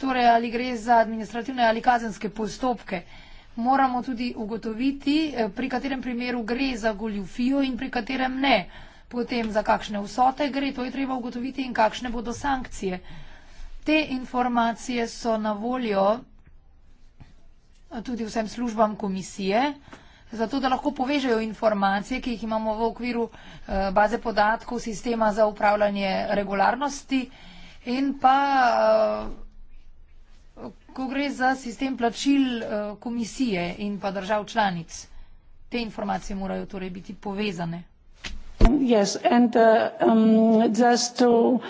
Torej, ali gre za administrativne ali kazenske postopke. Moramo tudi ugotoviti, eh, pri katerem primeru gre za goljufijo in pri katerem ne. Potem, za kakšne vsote gre, to je treba ugotoviti in kakšne bodo sankcije. Te informacije so na voljo tudi vsem službam komisije, zato da lahko povežejo informacije, ki jih imamo v okviru eh, baze podatkov sistema za upravljanje regularnosti in pa eh, ko gre za sistem plačil eh, komisije in pa držav članic. Te informacije morajo torej biti povezane. Yes, and, uh, um, to, uh...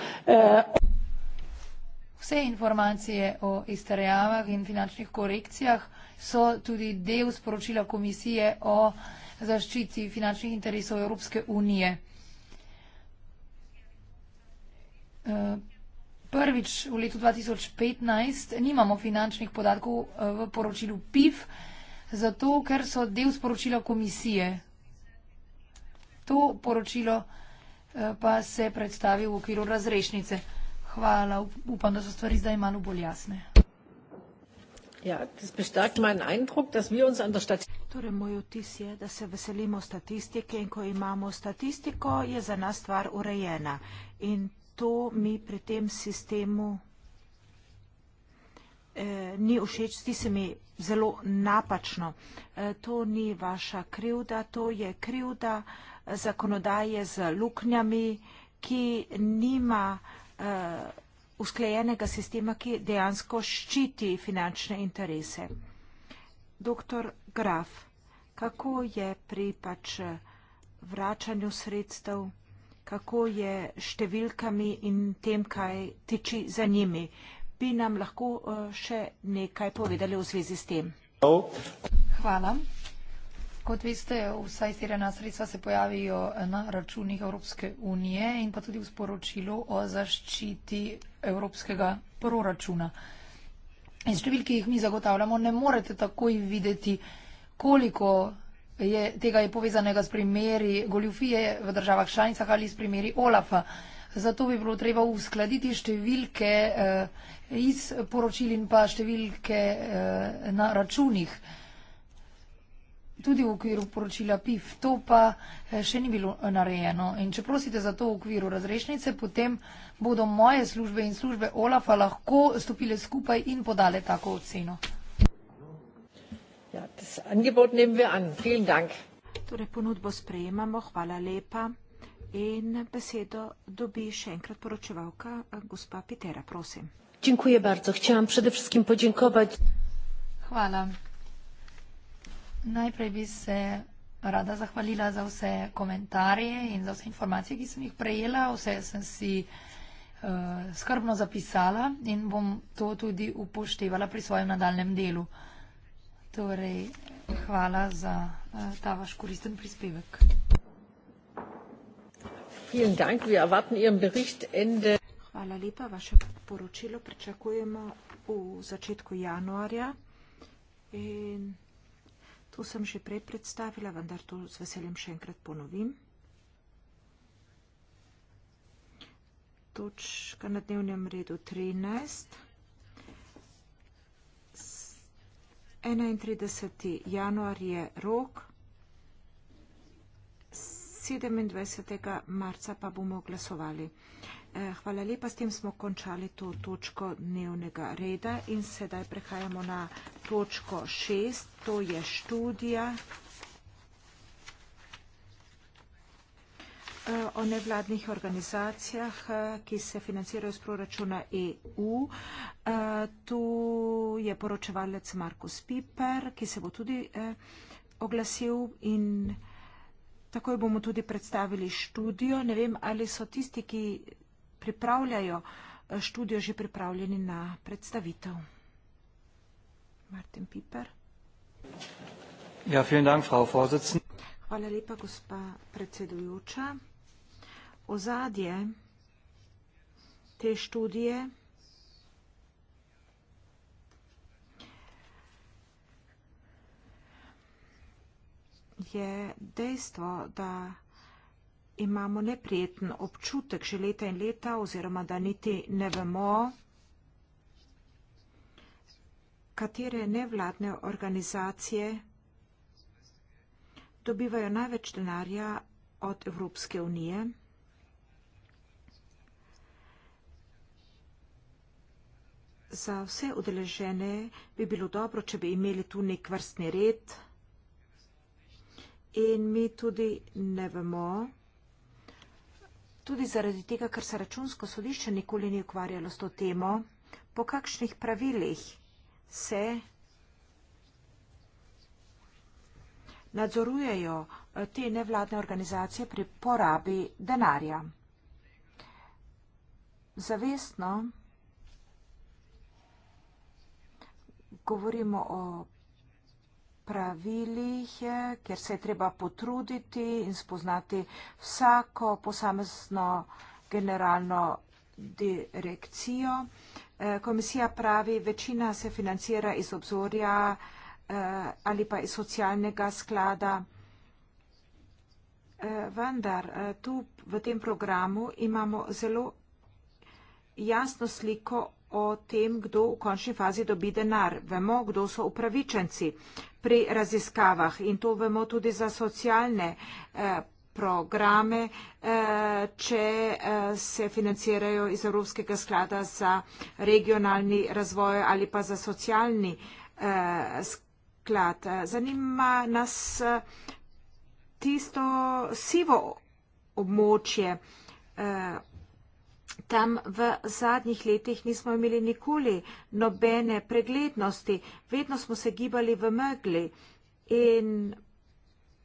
Vse informacije o izterjavah in finančnih korekcijah so tudi del sporočila komisije o zaščiti finančnih interesov Evropske unije. Eh, prvič v letu 2015 nimamo finančnih podatkov eh, v poročilu PIF, zato ker so del sporočila komisije. To poročilo eh, pa se predstavi v okviru razrešnice. Hvala, upam, da so stvari zdaj malo bolj jasne. Ja, das bestärkt meinen Eindruck, dass wir uns an der Statistik. Torej, moj vtis je, da se veselimo statistike in ko imamo statistiko, je za nas stvar urejena. In to mi pri tem sistemu eh, ni všeč, zdi se mi zelo napačno. Eh, to ni vaša krivda, to je krivda eh, zakonodaje z luknjami, ki nima. Eh, usklejenega sistema, ki dejansko ščiti finančne interese. Doktor Graf, kako je pri pač eh, vračanju sredstev, kako je številkami in tem, kaj tiči za njimi? Bi nam lahko eh, še nekaj povedali v zvezi s tem? Hvala. Hvala kot veste, vsaj izterjena sredstva se pojavijo na računih Evropske unije in pa tudi v sporočilu o zaščiti evropskega proračuna. In številki, ki jih mi zagotavljamo, ne morete takoj videti, koliko je, tega je povezanega s primeri goljufije v državah članicah ali s primeri OLAFA. Zato bi bilo treba uskladiti številke eh, iz poročil in pa številke eh, na računih tudi v okviru poročila PIF. To pa eh, še ni bilo eh, narejeno. In če prosite za to v okviru razrešnice, potem bodo moje službe in službe OLAF-a lahko stopile skupaj in podale tako oceno. Ja, das Angebot nehmen wir an. Vielen Dank. Torej ponudbo sprejemamo, hvala lepa. In besedo dobi še enkrat poročevalka, eh, gospa Pitera, prosim. Hvala. Najprej bi se rada zahvalila za vse komentarje in za vse informacije, ki sem jih prejela. Vse sem si uh, skrbno zapisala in bom to tudi upoštevala pri svojem nadaljem delu. Torej, hvala za uh, ta vaš koristen prispevek. Hvala lepa, vaše poročilo pričakujemo v začetku januarja. In bistvu sem že prej predstavila, vendar to z veseljem še enkrat ponovim. Točka na dnevnem redu 13. 31. januar je rok, 27. marca pa bomo glasovali. Eh, hvala lepa, s tem smo končali to točko dnevnega reda in sedaj prehajamo na točko šest, to je študija eh, o nevladnih organizacijah, eh, ki se financirajo z proračuna EU. Tu je poročevalec Markus Piper, ki se bo tudi oglasil in takoj bomo tudi predstavili študijo. Ne vem, ali so tisti, ki pripravljajo eh, študijo, že pripravljeni na predstavitev. Martin Piper. Ja, dank, frau Hvala lepa, gospa predsedujoča. Ozadje te študije je dejstvo, da imamo neprijeten občutek že leta in leta oziroma da niti ne vemo, katere nevladne organizacije dobivajo največ denarja od Evropske unije. Za vse udeležene bi bilo dobro, če bi imeli tu nek vrstni red in mi tudi ne vemo, Tudi zaradi tega, ker se računsko sodišče nikoli ni ukvarjalo s to temo, po kakšnih pravilih se nadzorujejo eh, te nevladne organizacije pri porabi denarja. Zavestno govorimo o pravilih, eh, kjer se je treba potruditi in spoznati vsako posamezno generalno direkcijo. Eh, komisija pravi, večina se financira iz obzorja eh, ali pa iz socialnega sklada. Vendar tu v tem programu imamo zelo jasno sliko o tem, kdo v končni fazi dobi denar. Vemo, kdo so upravičenci pri raziskavah in to vemo tudi za socialne eh, programe, eh, če eh, se financirajo iz Evropskega sklada za regionalni razvoj ali pa za socialni sklad. Zanima nas tisto sivo območje Tam v zadnjih letih nismo imeli nikoli nobene preglednosti, vedno smo se gibali v megli in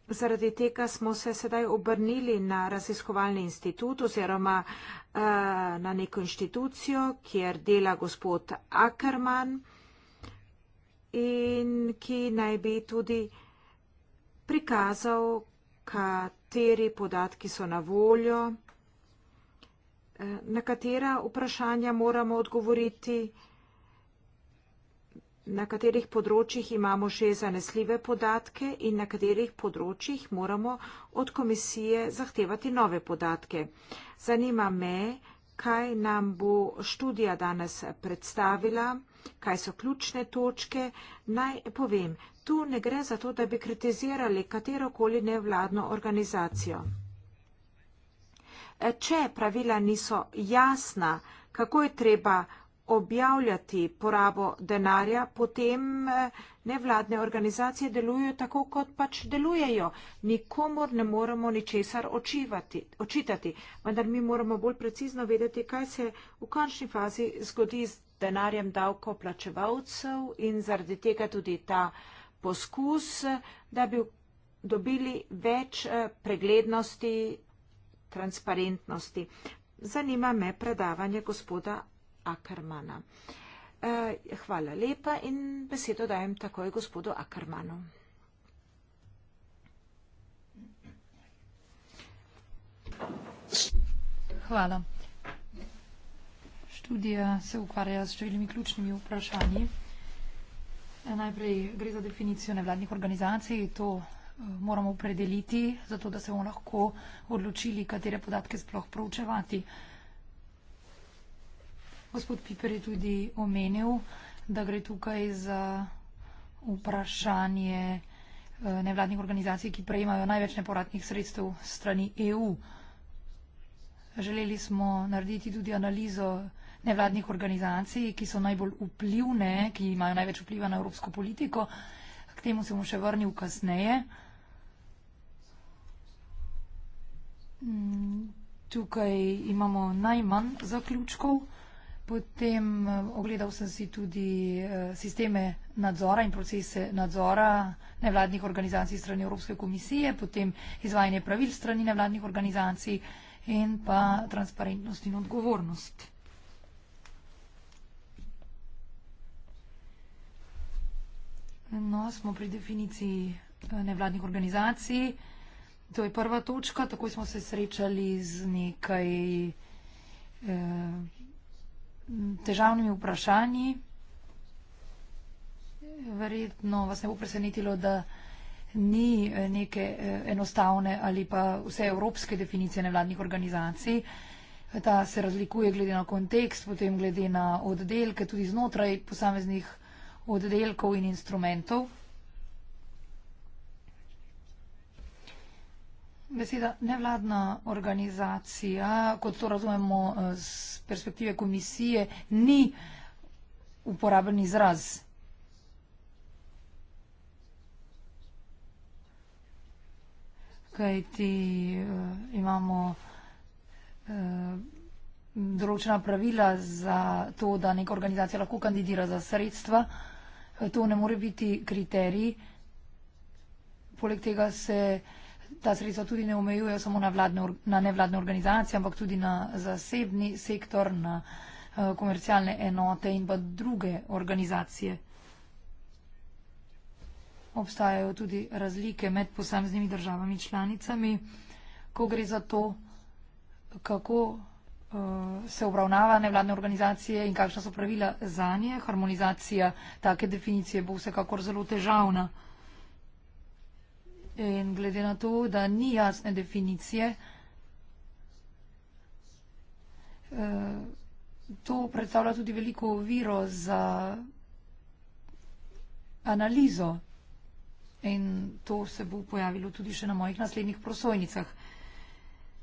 zaradi tega smo se sedaj obrnili na raziskovalni institut oziroma uh, na neko inštitucijo, kjer dela gospod Ackerman in ki naj bi tudi prikazal, kateri podatki so na voljo na katera vprašanja moramo odgovoriti, na katerih področjih imamo že zanesljive podatke in na katerih področjih moramo od komisije zahtevati nove podatke. Zanima me, kaj nam bo študija danes predstavila, kaj so ključne točke. Naj povem, tu ne gre za to, da bi kritizirali katerokoli nevladno organizacijo. Če pravila niso jasna, kako je treba objavljati porabo denarja, potem eh, nevladne organizacije delujejo tako, kot pač delujejo. Nikomor ne moramo ničesar očivati, očitati, vendar mi moramo bolj precizno vedeti, kaj se v končni fazi zgodi z denarjem davkoplačevalcev in zaradi tega tudi ta poskus, da bi dobili več eh, preglednosti transparentnosti. Zanima me predavanje gospoda Akermana. Eh, hvala lepa in besedo dajem takoj gospodu Akermanu. Hvala. Študija se ukvarja s številnimi ključnimi vprašanji. Najprej gre za definicijo nevladnih organizacij, to moramo opredeliti, zato da se bomo lahko odločili, katere podatke sploh proučevati. Gospod Piper je tudi omenil, da gre tukaj za vprašanje eh, nevladnih organizacij, ki prejemajo največ neporatnih sredstev strani EU. Želeli smo narediti tudi analizo nevladnih organizacij, ki so najbolj vplivne, ki imajo največ vpliva na evropsko politiko. K temu se bomo še vrnil kasneje. Mm, tukaj imamo najmanj zaključkov. Potem eh, ogledal sem si tudi eh, sisteme nadzora in procese nadzora nevladnih organizacij strani Evropske komisije, potem izvajanje pravil strani nevladnih organizacij in pa transparentnost in odgovornost. No, smo pri definiciji eh, nevladnih organizacij. To je prva točka, tako smo se srečali z nekaj eh, težavnimi vprašanji. Verjetno vas ne bo presenetilo, da ni eh, neke eh, enostavne ali pa vse evropske definicije nevladnih organizacij. Ta se razlikuje glede na kontekst, potem glede na oddelke, tudi znotraj posameznih oddelkov in instrumentov. Beseda nevladna organizacija, kot to razumemo eh, z perspektive komisije, ni uporaben izraz. kaj ti uh, eh, imamo uh, določena pravila za to, da neka organizacija lahko kandidira za sredstva. Uh, to ne more biti kriterij. Poleg tega se uh, Ta sredstva tudi ne omejujejo samo na, vladne, na nevladne organizacije, ampak tudi na zasebni sektor, na eh, komercialne enote in pa druge organizacije. Obstajajo tudi razlike med posameznimi državami članicami, ko gre za to, kako eh, se obravnava nevladne organizacije in kakšna so pravila za nje. Harmonizacija take definicije bo vsekakor zelo težavna. In glede na to, da ni jasne definicije, eh, to predstavlja tudi veliko viro za analizo. In to se bo pojavilo tudi še na mojih naslednjih prosojnicah.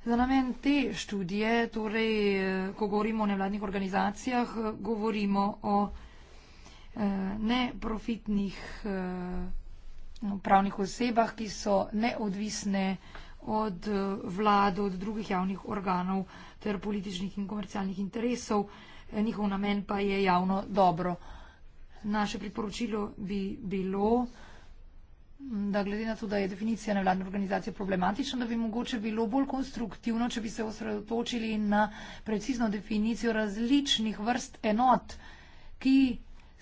Za namen te študije, torej, eh, ko govorimo o nevladnih organizacijah, govorimo o eh, neprofitnih organizacijah pravnih osebah, ki so neodvisne od eh, vlade, od drugih javnih organov ter političnih in komercialnih interesov. Eh, njihov namen pa je javno dobro. Naše priporočilo bi bilo, da glede na to, da je definicija nevladne organizacije problematična, da bi mogoče bilo bolj konstruktivno, če bi se osredotočili na precizno definicijo različnih vrst enot, ki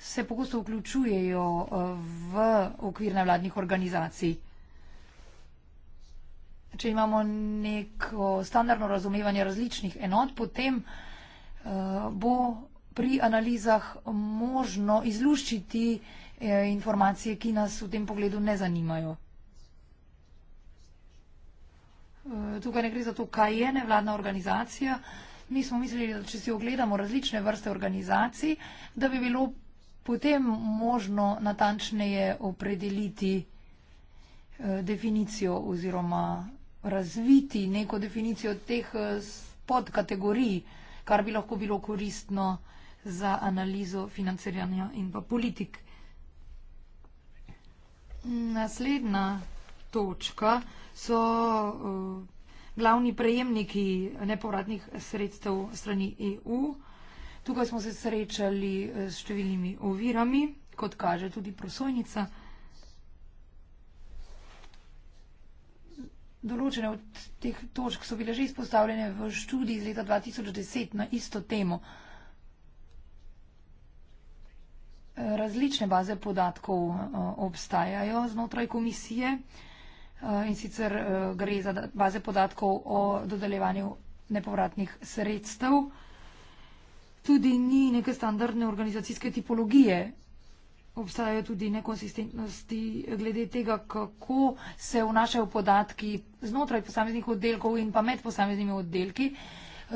se pogosto vključujejo eh, v okvir nevladnih organizacij? Če imamo neko standardno razumevanje različnih enot, potem eh, bo pri analizah možno izluščiti eh, informacije, ki nas v tem pogledu ne zanimajo. Tukaj ne gre za to, kaj je nevladna organizacija. Mi smo mislili, da če si ogledamo različne vrste organizacij, da bi bilo potem možno natančneje opredeliti eh, definicijo oziroma razviti neko definicijo teh eh, podkategorij, kar bi lahko bilo koristno za analizo financiranja in pa politik. Naslednja točka so eh, glavni prejemniki nepovratnih sredstev strani EU. Tukaj smo se srečali eh, s številnimi ovirami, kot kaže tudi prosojnica. Določene od teh točk so bile že izpostavljene v študiji iz leta 2010 na isto temo. Eh, različne baze podatkov eh, obstajajo znotraj komisije in sicer gre za baze podatkov o dodeljevanju nepovratnih sredstev tudi ni neke standardne organizacijske tipologije. Obstajajo tudi nekonsistentnosti glede tega, kako se vnašajo podatki znotraj posameznih oddelkov in pa med posameznimi oddelki.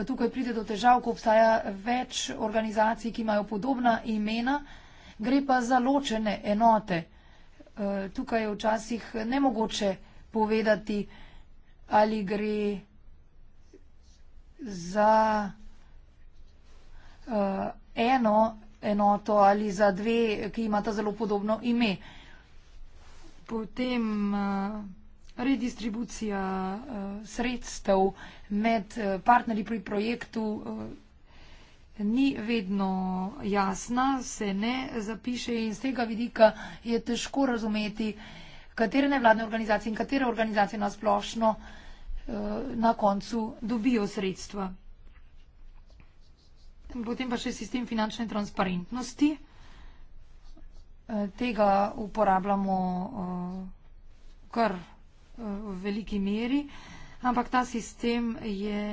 Tukaj pride do težav, ko obstaja več organizacij, ki imajo podobna imena, gre pa za ločene enote. Eh, tukaj je včasih nemogoče povedati, ali gre za uh, eno enoto ali za dve, ki imata zelo podobno ime. Potem uh, redistribucija uh, sredstev med uh, partnerji pri projektu uh, ni vedno jasna, se ne zapiše in z tega vidika je težko razumeti, katere nevladne organizacije in katere organizacije nasplošno uh, na koncu dobijo sredstva. Potem pa še sistem finančne transparentnosti. E, tega uporabljamo e, kar e, v veliki meri, ampak ta sistem je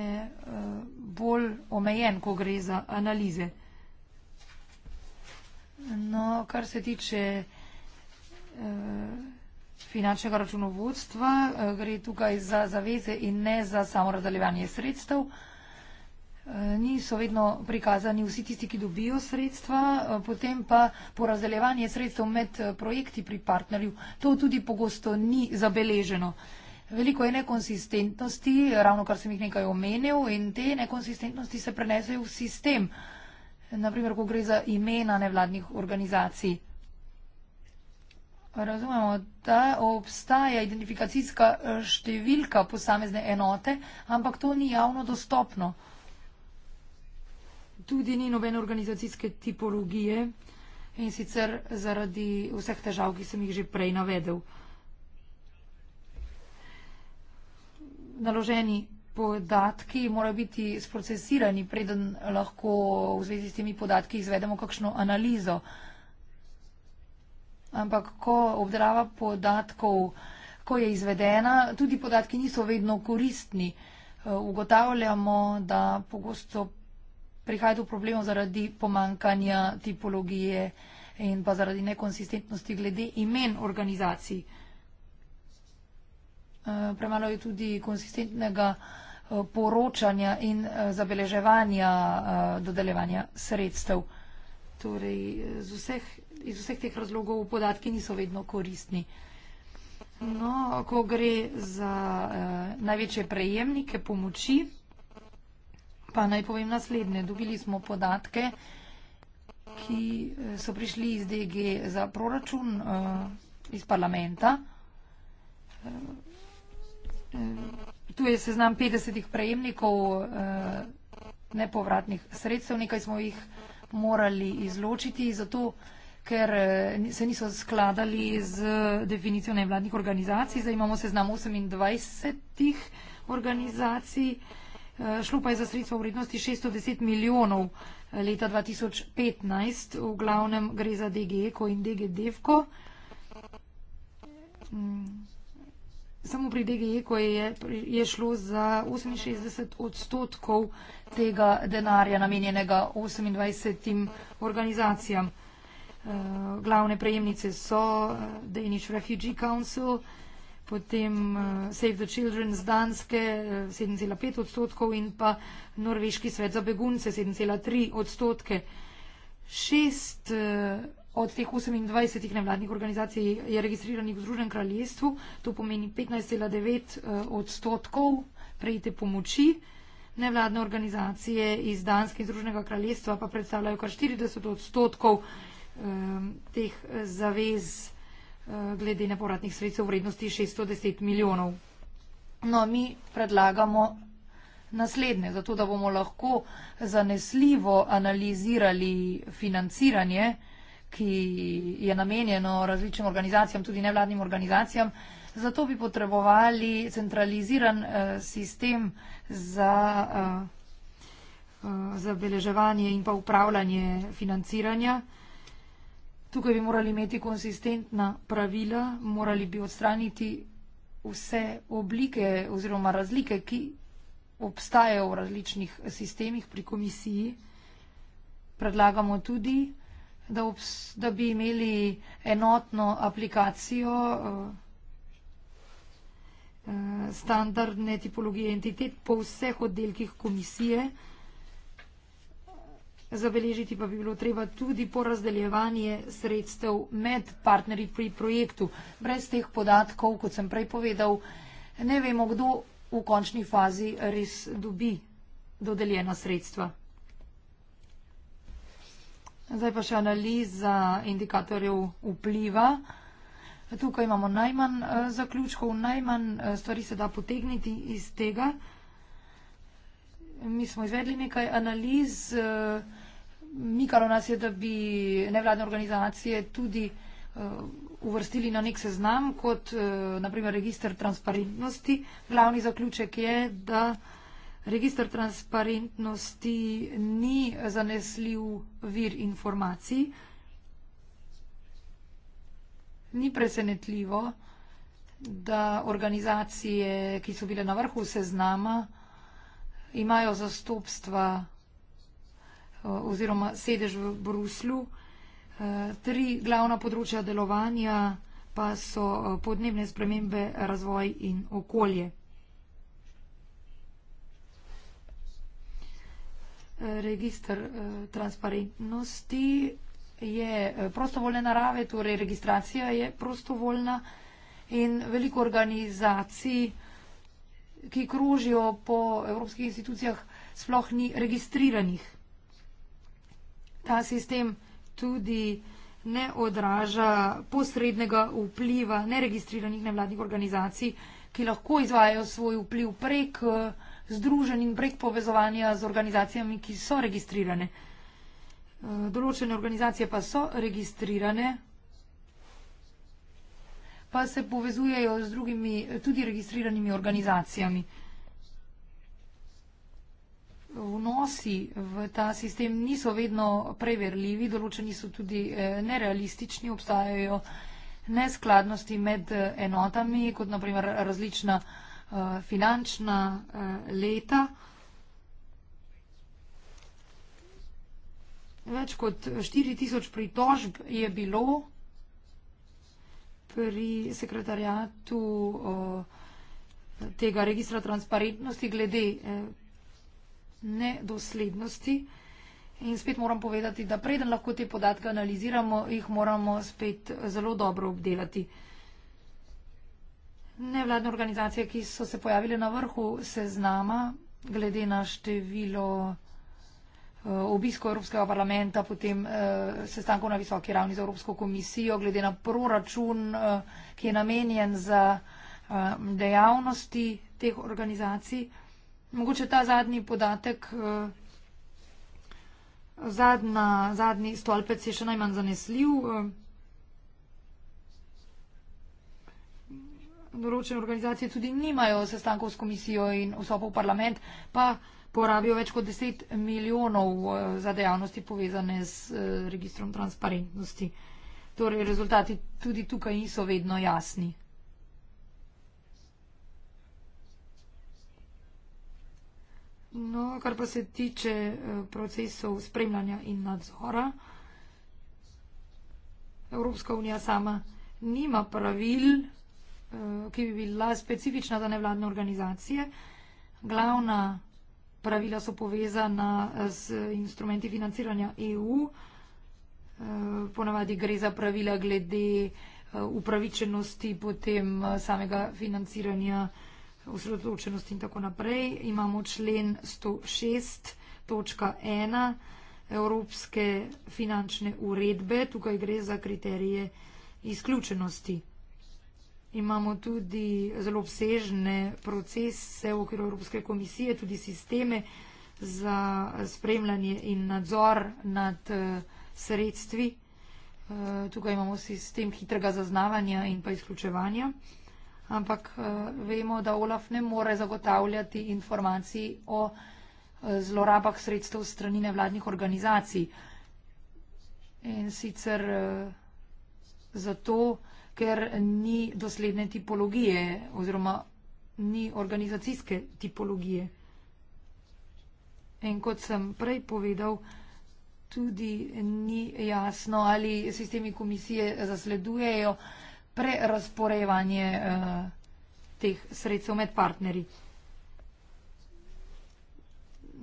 bolj omejen, ko gre za analize. No, kar se tiče finančnega računovodstva, gre tukaj za zaveze in ne za samo razdaljevanje sredstev. Eh, niso vedno prikazani vsi tisti, ki dobijo sredstva, eh, potem pa porazdeljevanje sredstev med eh, projekti pri partnerju. To tudi pogosto ni zabeleženo. Veliko je nekonsistentnosti, ravno kar sem jih nekaj omenil, in te nekonsistentnosti se prenesejo v sistem. Naprimer, ko gre za imena nevladnih organizacij. Razumemo, da obstaja identifikacijska številka posamezne enote, ampak to ni javno dostopno tudi ni nobene organizacijske tipologije in sicer zaradi vseh težav, ki sem jih že prej navedel. Naloženi podatki morajo biti sprocesirani, preden lahko v zvezi s temi podatki izvedemo kakšno analizo. Ampak ko obdrava podatkov, ko je izvedena, tudi podatki niso vedno koristni. Ugotavljamo, da pogosto prihaja do problemov zaradi pomankanja tipologije in pa zaradi nekonsistentnosti glede imen organizacij. Eh, premalo je tudi konsistentnega eh, poročanja in eh, zabeleževanja dodeljevanja sredstev. Torej, z vseh, iz vseh teh razlogov podatki niso vedno koristni. No, ko gre za eh, največje prejemnike pomoči, Pa naj povem naslednje. Dobili smo podatke, ki eh, so prišli iz DG za proračun eh, iz parlamenta. Eh, tu je seznam 50 prejemnikov nepovratnih sredstev, nekaj smo jih morali izločiti, zato ker se niso skladali z definicijo nevladnih organizacij. Zdaj imamo seznam 28 organizacij. Eh, šlo pa je za sredstva v vrednosti 610 milijonov eh, leta 2015. V glavnem gre za DGEKO in DGDEVKO. Mm. Samo pri DGEKO je šlo za 68 odstotkov tega denarja namenjenega 28 organizacijam. Eh, glavne prejemnice so Danish Refugee Council, potem eh, Save the Children z Danske 7,5 eh, odstotkov in pa Norveški svet za begunce 7,3 odstotke. Šest eh, od teh 28 nevladnih organizacij je registriranih v Združenem kraljestvu, to pomeni 15,9 odstotkov prejete pomoči. Nevladne organizacije iz Danske in Združenega kraljestva pa predstavljajo kar 40 odstotkov teh zavez. Eh, glede nepovratnih sredstev v vrednosti 610 milijonov. No, mi predlagamo naslednje, zato da bomo lahko zanesljivo analizirali financiranje, ki je namenjeno različnim organizacijam, tudi nevladnim organizacijam. Zato bi potrebovali centraliziran uh, sistem za uh, uh, zabeleževanje in pa upravljanje financiranja. Tukaj bi morali imeti konsistentna pravila, morali bi odstraniti vse oblike oziroma razlike, ki obstajajo v različnih sistemih pri komisiji. Predlagamo tudi, da, obs, da bi imeli enotno aplikacijo eh, eh, standardne tipologije entitet po vseh oddelkih komisije. Zabeležiti pa bi bilo treba tudi porazdeljevanje sredstev med partnerji pri projektu. Brez teh podatkov, kot sem prej povedal, ne vemo, kdo v končni fazi res dobi dodeljena sredstva. Zdaj pa še analiza indikatorjev vpliva. Tukaj imamo najmanj eh, zaključkov, najmanj eh, stvari se da potegniti iz tega. Mi smo izvedli nekaj analiz. Eh, mikalo nas je, da bi nevladne organizacije tudi eh, uvrstili na nek seznam, kot eh, naprimer registr transparentnosti. Glavni zaključek je, da registr transparentnosti ni zanesljiv vir informacij. Ni presenetljivo, da organizacije, ki so bile na vrhu seznama, imajo zastopstva Eh, oziroma sedež v Bruslju. Eh, tri glavna področja delovanja pa so eh, podnebne spremembe, razvoj in okolje. Registr transparentnosti je prostovoljne narave, torej registracija je prostovoljna in veliko organizacij, ki krožijo po evropskih institucijah, sploh ni registriranih ta sistem tudi ne odraža posrednega vpliva neregistriranih nevladnih organizacij, ki lahko izvajajo svoj vpliv prek eh, združenj in prek povezovanja z organizacijami, ki so registrirane. Eh, določene organizacije pa so registrirane, pa se povezujejo z drugimi tudi registriranimi organizacijami vnosi v ta sistem niso vedno preverljivi, določeni so tudi eh, nerealistični, obstajajo neskladnosti med eh, enotami, kot naprimer različna eh, finančna leta. Več kot 4000 pritožb je bilo pri sekretarjatu tega registra transparentnosti glede nedoslednosti. In spet moram povedati, da preden lahko te podatke analiziramo, jih moramo spet zelo dobro obdelati. Nevladne organizacije, ki so se pojavile na vrhu seznama, glede na število eh, obisko Evropskega parlamenta, potem eh, sestankov na visoki ravni z Evropsko komisijo, glede na proračun, eh, ki je namenjen za eh, dejavnosti teh organizacij, eh, Mogoče ta zadnji podatek, eh, zadnja, zadnji stolpec je še najmanj zanesljiv. Eh, določene organizacije tudi nimajo sestankov s komisijo in vstopov v parlament, pa porabijo več kot 10 milijonov eh, za dejavnosti povezane z registrom transparentnosti. Torej, rezultati tudi tukaj niso vedno jasni. No, kar pa se tiče eh, procesov spremljanja in nadzora, Evropska unija sama nima pravil, eh, ki bi bila specifična za nevladne organizacije. Glavna pravila so povezana eh, z instrumenti financiranja EU. Ponavadi gre za pravila glede upravičenosti potem samega financiranja osredotočenost in tako naprej. Imamo člen 106.1 Evropske finančne uredbe. Tukaj gre za kriterije izključenosti. Imamo tudi zelo obsežne procese v okviru Evropske komisije, tudi sisteme za spremljanje in nadzor nad eh, sredstvi. Eh, tukaj imamo sistem hitrega zaznavanja in pa izključevanja ampak eh, vemo, da Olaf ne more zagotavljati informacij o eh, zlorabah sredstev strani nevladnih organizacij. In sicer eh, zato, ker ni dosledne tipologije oziroma ni organizacijske tipologije. In kot sem prej povedal, tudi ni jasno, ali sistemi komisije zasledujejo prerasporevanje eh, teh sredstev med partnerji.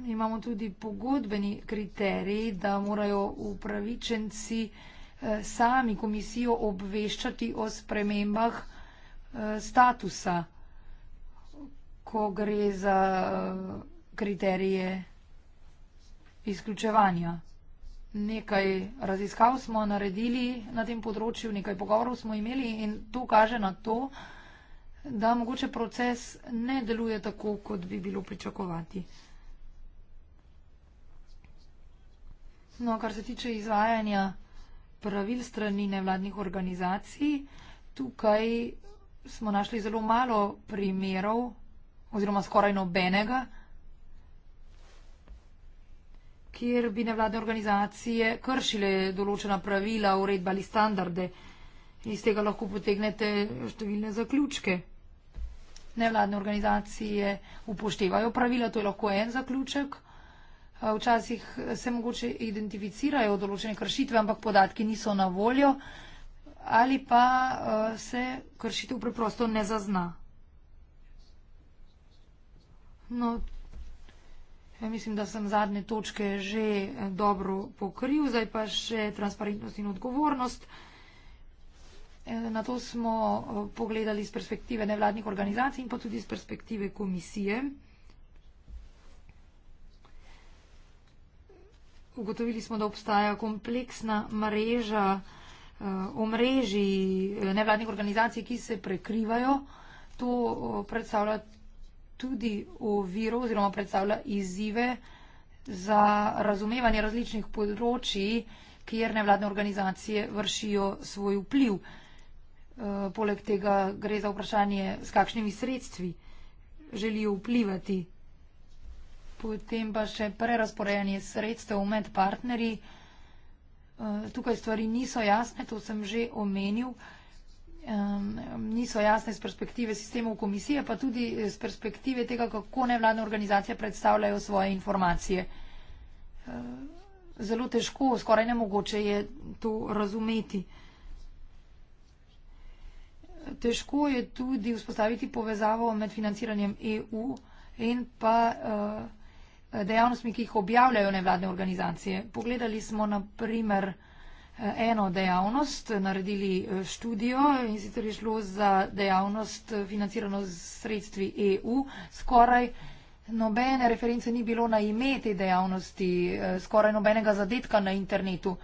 Imamo tudi pogodbeni kriterij, da morajo upravičenci eh, sami komisijo obveščati o spremembah eh, statusa, ko gre za kriterije izključevanja nekaj raziskav smo naredili na tem področju, nekaj pogovorov smo imeli in to kaže na to, da mogoče proces ne deluje tako, kot bi bilo pričakovati. No, kar se tiče izvajanja pravil strani nevladnih organizacij, tukaj smo našli zelo malo primerov oziroma skoraj nobenega kjer bi nevladne organizacije kršile določena pravila, uredba ali standarde. Iz tega lahko potegnete številne zaključke. Nevladne organizacije upoštevajo pravila, to je lahko en zaključek. Včasih se mogoče identificirajo določene kršitve, ampak podatki niso na voljo ali pa se kršitev preprosto ne zazna. No, Ja, mislim, da sem zadnje točke že dobro pokril, zdaj pa še transparentnost in odgovornost. E, na to smo e, pogledali z perspektive nevladnih organizacij in pa tudi z perspektive komisije. Ugotovili smo, da obstaja kompleksna mreža e, omrežij nevladnih organizacij, ki se prekrivajo. To predstavlja tudi oviro oziroma predstavlja izzive za razumevanje različnih področji, kjer nevladne organizacije vršijo svoj vpliv. E, poleg tega gre za vprašanje, s kakšnimi sredstvi želijo vplivati. Potem pa še prerasporejanje sredstev med partnerji. E, tukaj stvari niso jasne, to sem že omenil niso jasne z perspektive sistemov komisije, pa tudi z perspektive tega, kako nevladne organizacije predstavljajo svoje informacije. Zelo težko, skoraj nemogoče je to razumeti. Težko je tudi vzpostaviti povezavo med financiranjem EU in pa eh, dejavnostmi, ki jih objavljajo nevladne organizacije. Pogledali smo na primer eno dejavnost, naredili eh, študijo in sicer je šlo za dejavnost eh, financirano z sredstvi EU. Skoraj nobene reference ni bilo na ime te dejavnosti, eh, skoraj nobenega zadetka na internetu.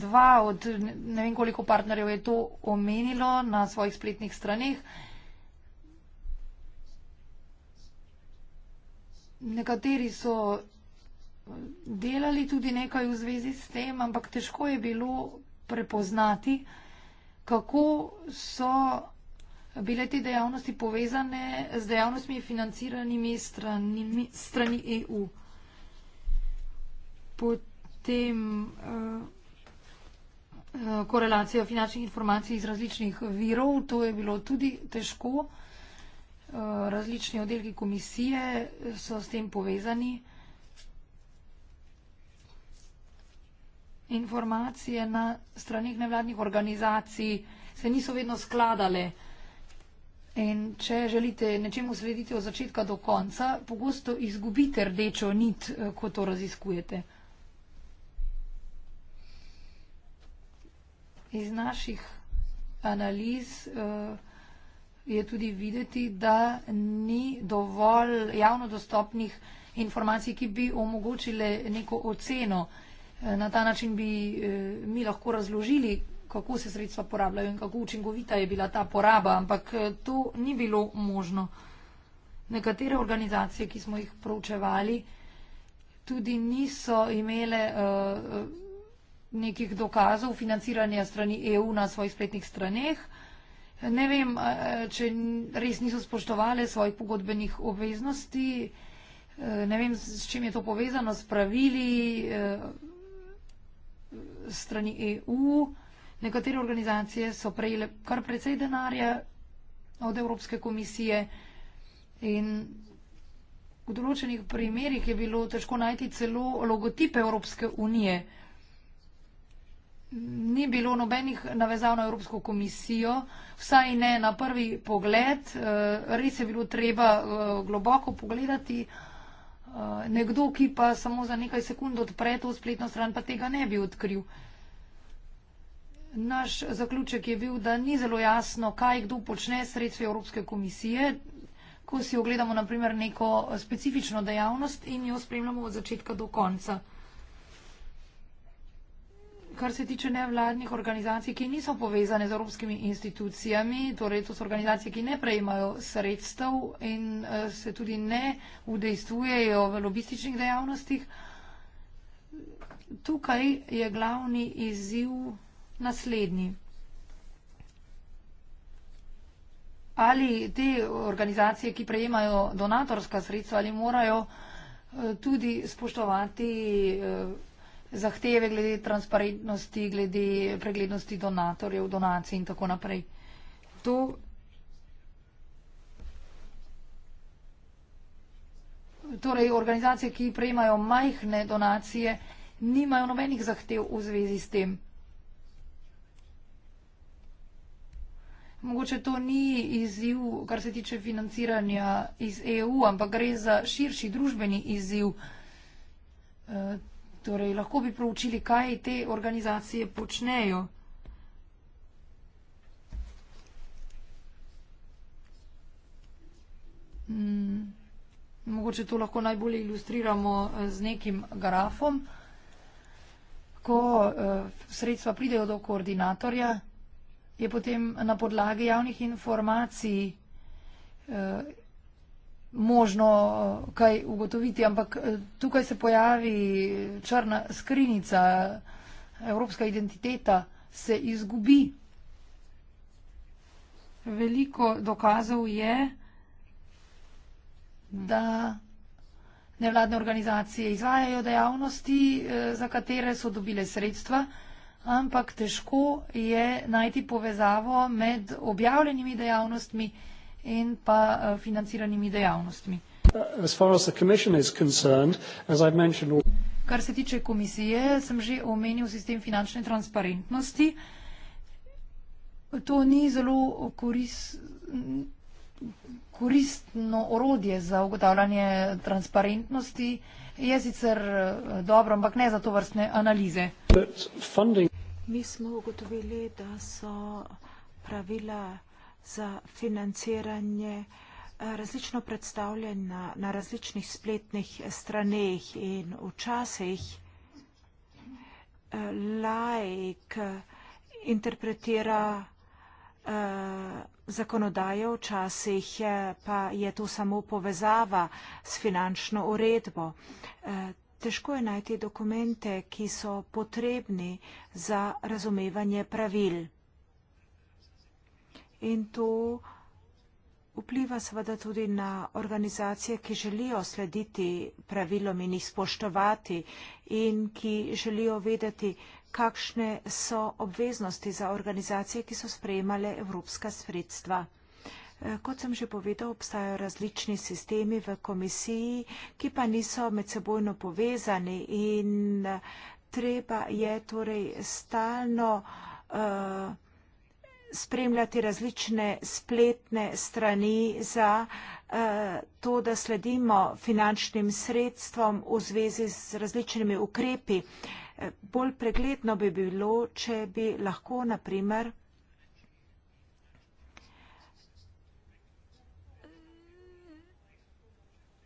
Dva od ne vem koliko partnerjev je to omenilo na svojih spletnih straneh. Nekateri so delali tudi nekaj v zvezi s tem, ampak težko je bilo prepoznati, kako so bile te dejavnosti povezane z dejavnostmi financiranimi strani, strani e EU. Potem eh, eh, korelacija finančnih informacij iz različnih virov, to je bilo tudi težko. Eh, različni oddelki komisije so s tem povezani. informacije na stranih nevladnih organizacij se niso vedno skladale. In če želite nečemu slediti od začetka do konca, pogosto izgubite rdečo nit, eh, ko to raziskujete. Iz naših analiz eh, je tudi videti, da ni dovolj javno dostopnih informacij, ki bi omogočile neko oceno informacij Na ta način bi eh, mi lahko razložili, kako se sredstva porabljajo in kako učinkovita je bila ta poraba, ampak eh, to ni bilo možno. Nekatere organizacije, ki smo jih proučevali, tudi niso imele eh, nekih dokazov financiranja strani EU na svojih spletnih straneh. Ne vem, če res niso spoštovali svojih pogodbenih obveznosti, ne vem, s čim je to povezano, s pravili strani EU. Nekatere organizacije so prejele kar precej denarja od Evropske komisije in v določenih primerjih je bilo težko najti celo logotip Evropske unije. Ni bilo nobenih navezav na Evropsko komisijo, vsaj ne na prvi pogled. Eh, res je bilo treba eh, globoko pogledati, Eh, nekdo, ki pa samo za nekaj sekund odpre to spletno stran, pa tega ne bi odkril. Naš zaključek je bil, da ni zelo jasno, kaj kdo počne s sredstvi Evropske komisije, ko si ogledamo naprimer neko specifično dejavnost in jo spremljamo od začetka do konca kar se tiče nevladnih organizacij, ki niso povezane z evropskimi institucijami, torej to so organizacije, ki ne prejmajo sredstev in eh, se tudi ne udejstvujejo v lobističnih dejavnostih. Tukaj je glavni izziv naslednji. Ali te organizacije, ki prejemajo donatorska sredstva, ali morajo eh, tudi spoštovati eh, zahteve glede transparentnosti, glede preglednosti donatorjev, donacij in tako naprej. To Torej, organizacije, ki prejemajo majhne donacije, nimajo nobenih zahtev v zvezi s tem. Mogoče to ni izziv, kar se tiče financiranja iz EU, ampak gre za širši družbeni izziv. Eh, Torej, lahko bi proučili, kaj te organizacije počnejo. Mm, mogoče to lahko najbolje ilustriramo eh, z nekim grafom. Ko eh, sredstva pridejo do koordinatorja, je potem na podlagi javnih informacij eh, možno eh, kaj ugotoviti, ampak eh, tukaj se pojavi črna skrinica, evropska identiteta se izgubi. Veliko dokazov je, da nevladne organizacije izvajajo dejavnosti, eh, za katere so dobile sredstva, ampak težko je najti povezavo med objavljenimi dejavnostmi in pa eh, financiranimi dejavnostmi. As far as the commission is concerned, as I've mentioned... Kar se tiče komisije, sem že omenil sistem finančne transparentnosti. To ni zelo koristno orodje za ugotavljanje transparentnosti. Je sicer eh, dobro, ampak ne za to vrstne analize. Mi smo ugotovili, da so pravila financiranja za financiranje eh, različno predstavljanje na, na različnih spletnih straneh in včasih eh, laik interpretira eh, zakonodajo, včasih pa je to samo povezava s finančno uredbo. Težko je najti dokumente, ki so potrebni za razumevanje pravil in to vpliva seveda tudi na organizacije, ki želijo slediti pravilom in jih spoštovati in ki želijo vedeti, kakšne so obveznosti za organizacije, ki so sprejemale evropska sredstva. Eh, kot sem že povedal, obstajajo različni sistemi v komisiji, ki pa niso medsebojno povezani in eh, treba je torej stalno uh, spremljati različne spletne strani za eh, to, da sledimo finančnim sredstvom v zvezi z različnimi ukrepi. Eh, bolj pregledno bi bilo, če bi lahko naprimer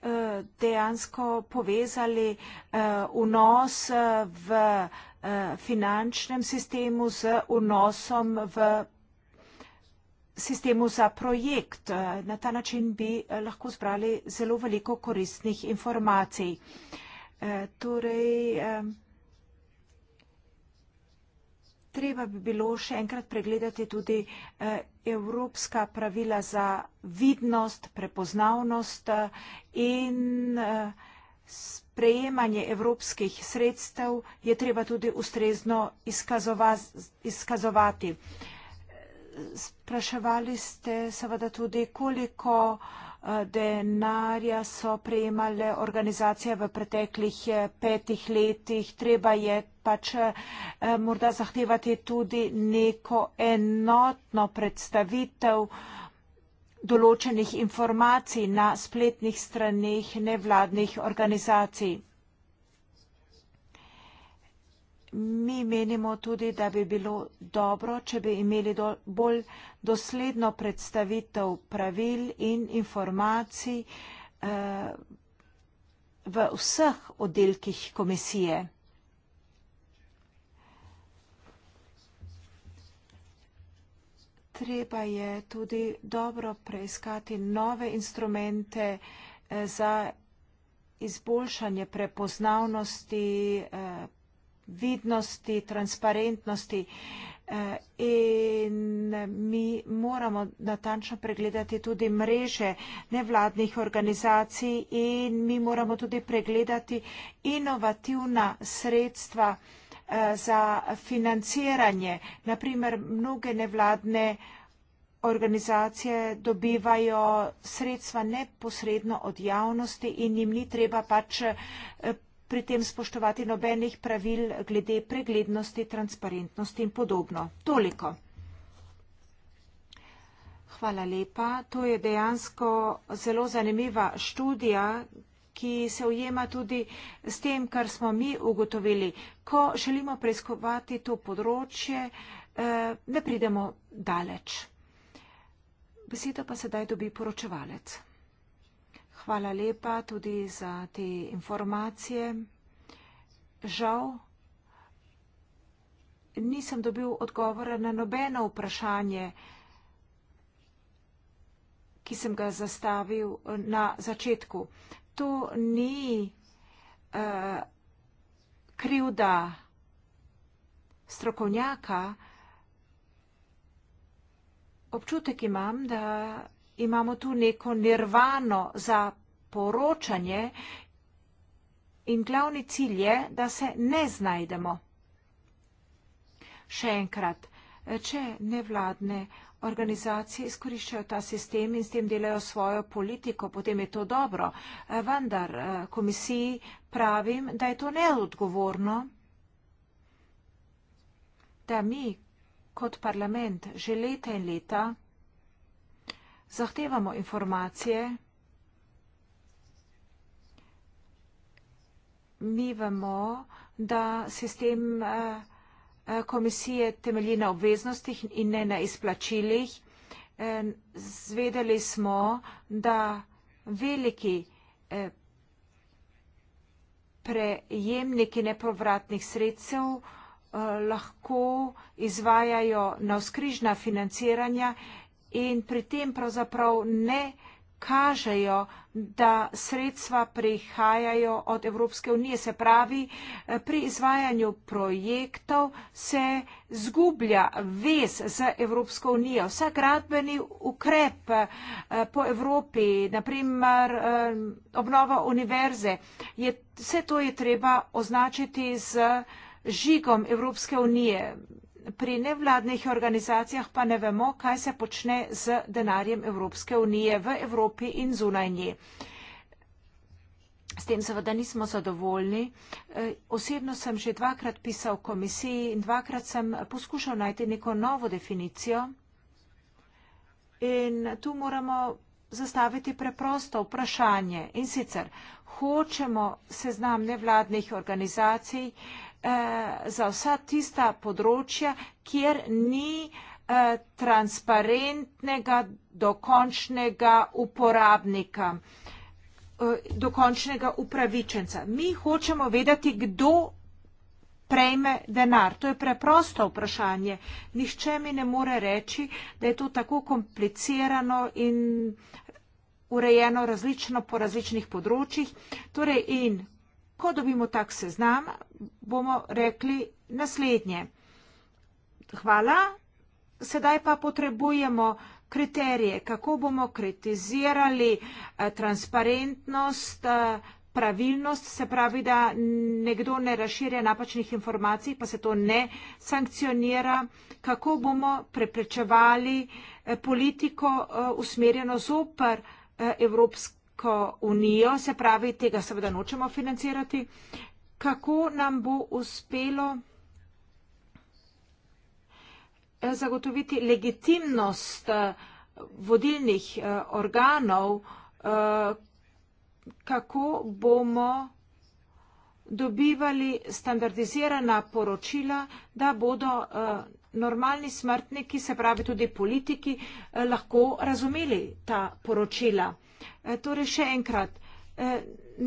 eh, dejansko povezali vnos v finančnem sistemu z vnosom v sistemu za projekt. Na ta način bi eh, lahko zbrali zelo veliko koristnih informacij. Eh, torej, treba bi bilo še enkrat pregledati tudi eh, evropska pravila za vidnost, prepoznavnost in sprejemanje evropskih sredstev je treba tudi ustrezno izkazovati spraševali ste seveda tudi, koliko eh, denarja so prejemale organizacije v preteklih eh, petih letih. Treba je pač eh, morda zahtevati tudi neko enotno predstavitev določenih informacij na spletnih straneh nevladnih organizacij mi menimo tudi, da bi bilo dobro, če bi imeli do, bolj dosledno predstavitev pravil in informacij eh, v vseh oddelkih komisije. Treba je tudi dobro preiskati nove instrumente eh, za izboljšanje prepoznavnosti. Eh, vidnosti, transparentnosti eh, in mi moramo natančno pregledati tudi mreže nevladnih organizacij in mi moramo tudi pregledati inovativna sredstva eh, za financiranje. Naprimer, mnoge nevladne organizacije dobivajo sredstva neposredno od javnosti in jim ni treba pač pregledati eh, pri tem spoštovati nobenih pravil glede preglednosti, transparentnosti in podobno. Toliko. Hvala lepa. To je dejansko zelo zanimiva študija, ki se ujema tudi s tem, kar smo mi ugotovili. Ko želimo preiskovati to področje, eh, ne pridemo daleč. Besedo pa sedaj dobi poročevalec. Hvala lepa tudi za te informacije. Žal nisem dobil odgovora na nobeno vprašanje, ki sem ga zastavil eh, na začetku. To ni uh, krivda strokovnjaka. Občutek imam, da imamo tu neko nirvano za poročanje in glavni cilj je, da se ne znajdemo. Še enkrat, če nevladne organizacije izkoriščajo ta sistem in s tem delajo svojo politiko, potem je to dobro. Vendar eh, komisiji pravim, da je to neodgovorno, da mi kot parlament že leta in leta zahtevamo informacije, mi vemo, da sistem eh, komisije temelji na obveznostih in ne na izplačilih. Eh, zvedeli smo, da veliki eh, prejemniki nepovratnih sredstev lahko izvajajo na vzkrižna financiranja, in pri tem pravzaprav ne kažejo, da sredstva prihajajo od Evropske unije. Se pravi, pri izvajanju projektov se zgublja vez z Evropsko unijo. Vsak gradbeni ukrep eh, po Evropi, naprimer eh, obnova univerze, je, vse to je treba označiti z žigom Evropske unije pri nevladnih organizacijah pa ne vemo, kaj se počne z denarjem Evropske unije v Evropi in zunaj nje. S tem seveda nismo zadovoljni. E, osebno sem že dvakrat pisal komisiji in dvakrat sem poskušal najti neko novo definicijo. In tu moramo zastaviti preprosto vprašanje. In sicer, hočemo seznam nevladnih organizacij, Eh, za vsa tista področja, kjer ni eh, transparentnega, dokončnega uporabnika, eh, dokončnega upravičenca. Mi hočemo vedeti, kdo prejme denar. To je preprosto vprašanje. Nihče mi ne more reči, da je to tako komplicirano in urejeno različno po različnih področjih. Torej in ko dobimo tak seznam, bomo rekli naslednje. Hvala, sedaj pa potrebujemo kriterije, kako bomo kritizirali eh, transparentnost, eh, pravilnost, se pravi, da nekdo ne razširja napačnih informacij, pa se to ne sankcionira, kako bomo preprečevali eh, politiko usmerjeno zoper evropske Evropsko unijo, se pravi, tega seveda nočemo financirati. Kako nam bo uspelo eh, zagotoviti legitimnost eh, vodilnih eh, organov, kako bomo dobivali standardizirana poročila, da bodo normalni smrtniki, se pravi tudi politiki, lahko razumeli ta poročila. E, torej še enkrat, e,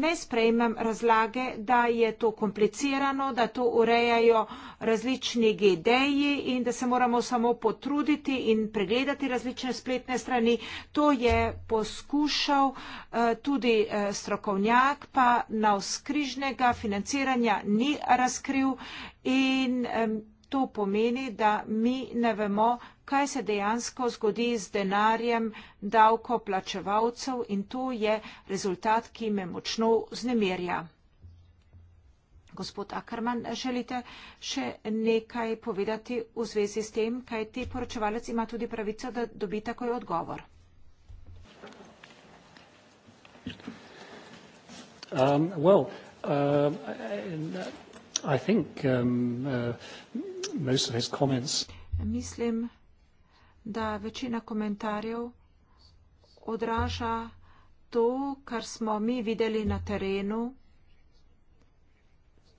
ne sprejmem razlage, da je to komplicirano, da to urejajo različni GD-ji in da se moramo samo potruditi in pregledati različne spletne strani. To je poskušal e, tudi strokovnjak, pa na vzkrižnega financiranja ni razkril in to pomeni, da mi ne vemo, kaj se dejansko zgodi z denarjem davkoplačevalcev in to je rezultat, ki me močno znemirja. Gospod Akerman, želite še nekaj povedati v zvezi s tem, kaj ti poročevalec ima tudi pravico, da dobi takoj odgovor? Um, well, um, I think um, uh, most of his comments. Mislim, da večina komentarjev odraža to, kar smo mi videli na terenu.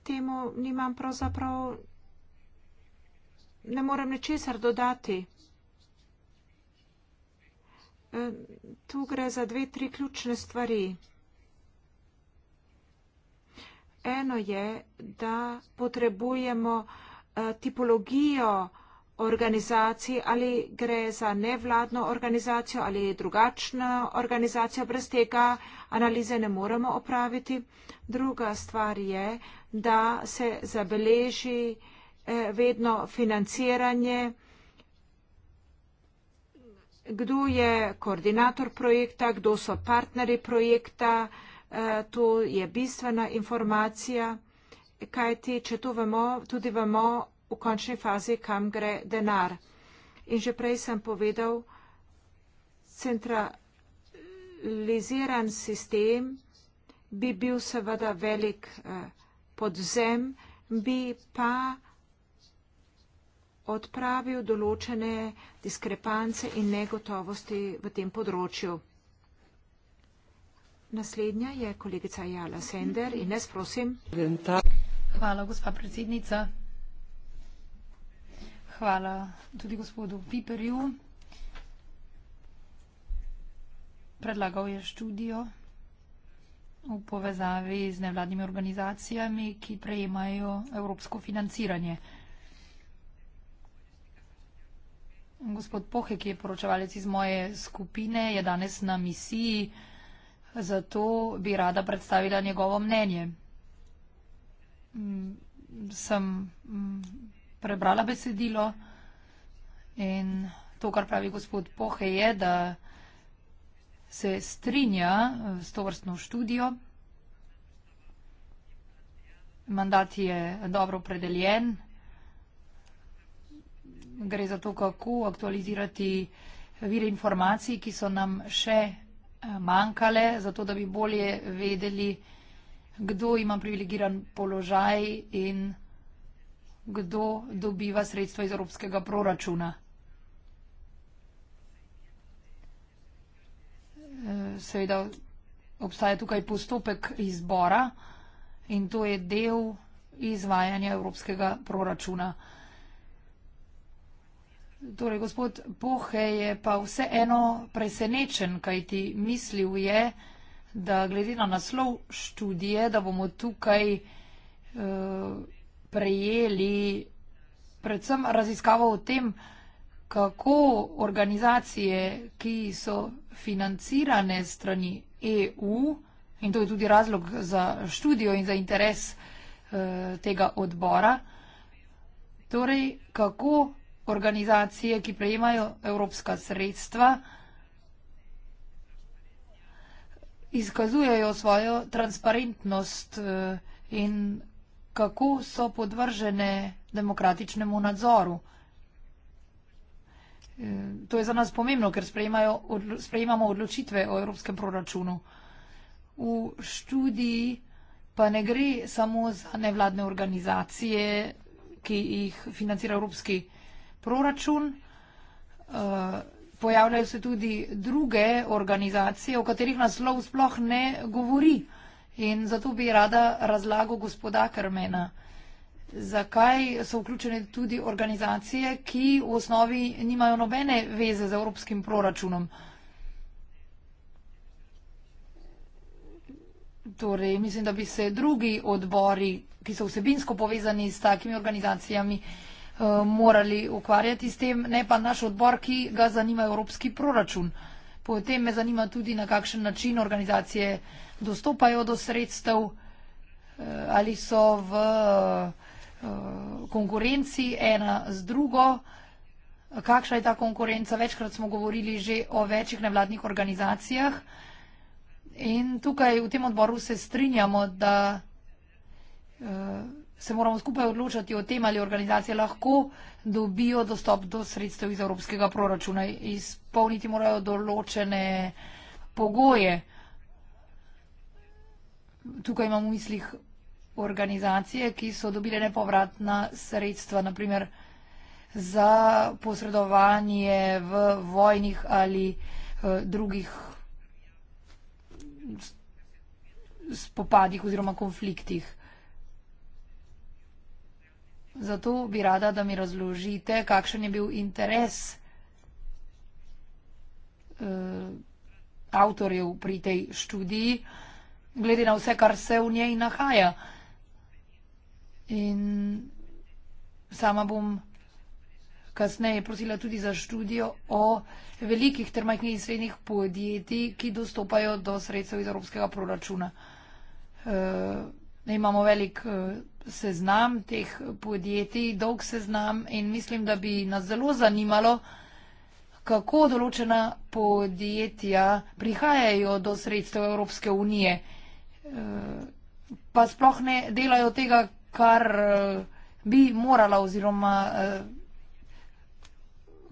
Temu nimam pravzaprav, ne morem ničesar dodati. E, tu gre za dve, tri ključne stvari. Eno je, da potrebujemo e, tipologijo, organizaciji ali gre za nevladno organizacijo ali drugačno organizacijo. Brez tega analize ne moremo opraviti. Druga stvar je, da se zabeleži eh, vedno financiranje, kdo je koordinator projekta, kdo so partneri projekta. Eh, to je bistvena informacija, kajti, če to vemo, tudi vemo, v končni fazi, kam gre denar. In že prej sem povedal, centraliziran sistem bi bil seveda velik eh, podzem, bi pa odpravil določene diskrepance in negotovosti v tem področju. Naslednja je kolegica Jala Sender in jaz prosim. Hvala, gospa predsednica hvala tudi gospodu Piperju. Predlagal je študijo v povezavi z nevladnimi organizacijami, ki prejemajo evropsko financiranje. Gospod Pohe, ki je poročevalec iz moje skupine, je danes na misiji, zato bi rada predstavila njegovo mnenje. Mm, sem mm, prebrala besedilo in to, kar pravi gospod Pohe, je, da se strinja eh, s to vrstno študijo. Mandat je dobro predeljen. Gre za to, kako aktualizirati vire informacij, ki so nam še eh, manjkale, zato da bi bolje vedeli, kdo ima privilegiran položaj in kdo kdo dobiva sredstva iz evropskega proračuna. Eh, seveda obstaja tukaj postopek izbora in to je del izvajanja evropskega proračuna. Torej, gospod Pohe je pa vseeno presenečen, kaj ti mislil je, da glede na naslov študije, da bomo tukaj uh, prejeli predvsem raziskavo o tem, kako organizacije, ki so financirane strani EU, in to je tudi razlog za študijo in za interes eh, tega odbora, torej kako organizacije, ki prejemajo evropska sredstva, izkazujejo svojo transparentnost eh, in kako so podvržene demokratičnemu nadzoru. E, to je za nas pomembno, ker odlo sprejemamo odločitve o evropskem proračunu. V študiji pa ne gre samo za nevladne organizacije, ki jih financira evropski proračun. E, pojavljajo se tudi druge organizacije, o katerih naslov sploh ne govori. In zato bi rada razlago gospoda Karmena, zakaj so vključene tudi organizacije, ki v osnovi nimajo nobene veze z evropskim proračunom. Torej, mislim, da bi se drugi odbori, ki so vsebinsko povezani s takimi organizacijami, eh, morali ukvarjati s tem, ne pa naš odbor, ki ga zanima evropski proračun. Potem me zanima tudi, na kakšen način organizacije dostopajo do sredstev, eh, ali so v eh, konkurenci ena z drugo, kakšna je ta konkurenca. Večkrat smo govorili že o večjih nevladnih organizacijah in tukaj v tem odboru se strinjamo, da eh, se moramo skupaj odločati o tem, ali organizacije lahko dobijo dostop do sredstev iz evropskega proračuna. Izpolniti morajo določene pogoje. Tukaj imam v mislih organizacije, ki so dobile nepovratna sredstva, naprimer za posredovanje v vojnih ali eh, drugih spopadih oziroma konfliktih. Zato bi rada, da mi razložite, kakšen je bil interes uh, avtorjev pri tej študiji, glede na vse, kar se v njej nahaja. In sama bom kasneje prosila tudi za študijo o velikih ter majhnih in srednjih podjetij, ki dostopajo do sredstev iz evropskega proračuna. Uh, da imamo velik eh, seznam teh podjetij, dolg seznam in mislim, da bi nas zelo zanimalo, kako določena podjetja prihajajo do sredstev Evropske unije, eh, pa sploh ne delajo tega, kar eh, bi morala oziroma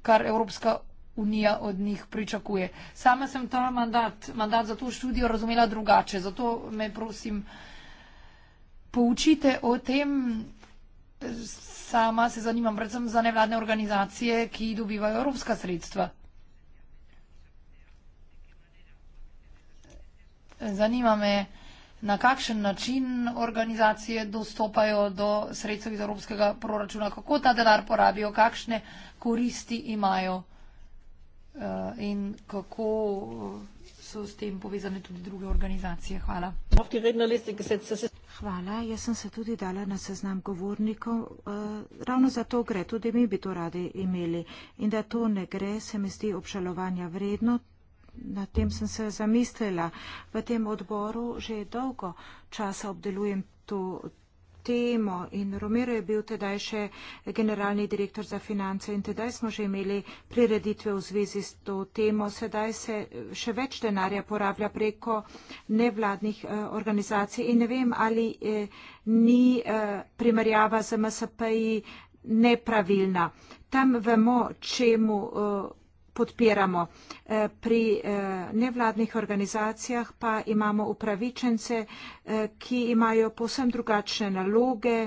kar Evropska unija od njih pričakuje. Sama sem ta mandat, mandat za to študijo razumela drugače, zato me prosim, poučite o tem? Sama se zanimam predvsem za nevladne organizacije, ki dobivajo evropska sredstva. Zanima me, na kakšen način organizacije dostopajo do sredstev iz evropskega proračuna, kako ta denar porabijo, kakšne koristi imajo eh, in kako so s tem povezane tudi druge organizacije. Hvala. Hvala. Jaz sem se tudi dala na seznam govornikov. Eh, ravno za to gre. Tudi mi bi to radi imeli. In da to ne gre, se mi zdi obšalovanja vredno. Na tem sem se zamislila. V tem odboru že dolgo časa obdelujem to temo in Romero je bil tedaj še generalni direktor za finance in tedaj smo že imeli prireditve v zvezi s to temo. Sedaj se še več denarja porablja preko nevladnih eh, organizacij in ne vem, ali eh, ni eh, primerjava z MSP-ji nepravilna. Tam vemo, čemu podpiramo. Eh, pri eh, nevladnih organizacijah pa imamo upravičence, eh, ki imajo posebno drugačne naloge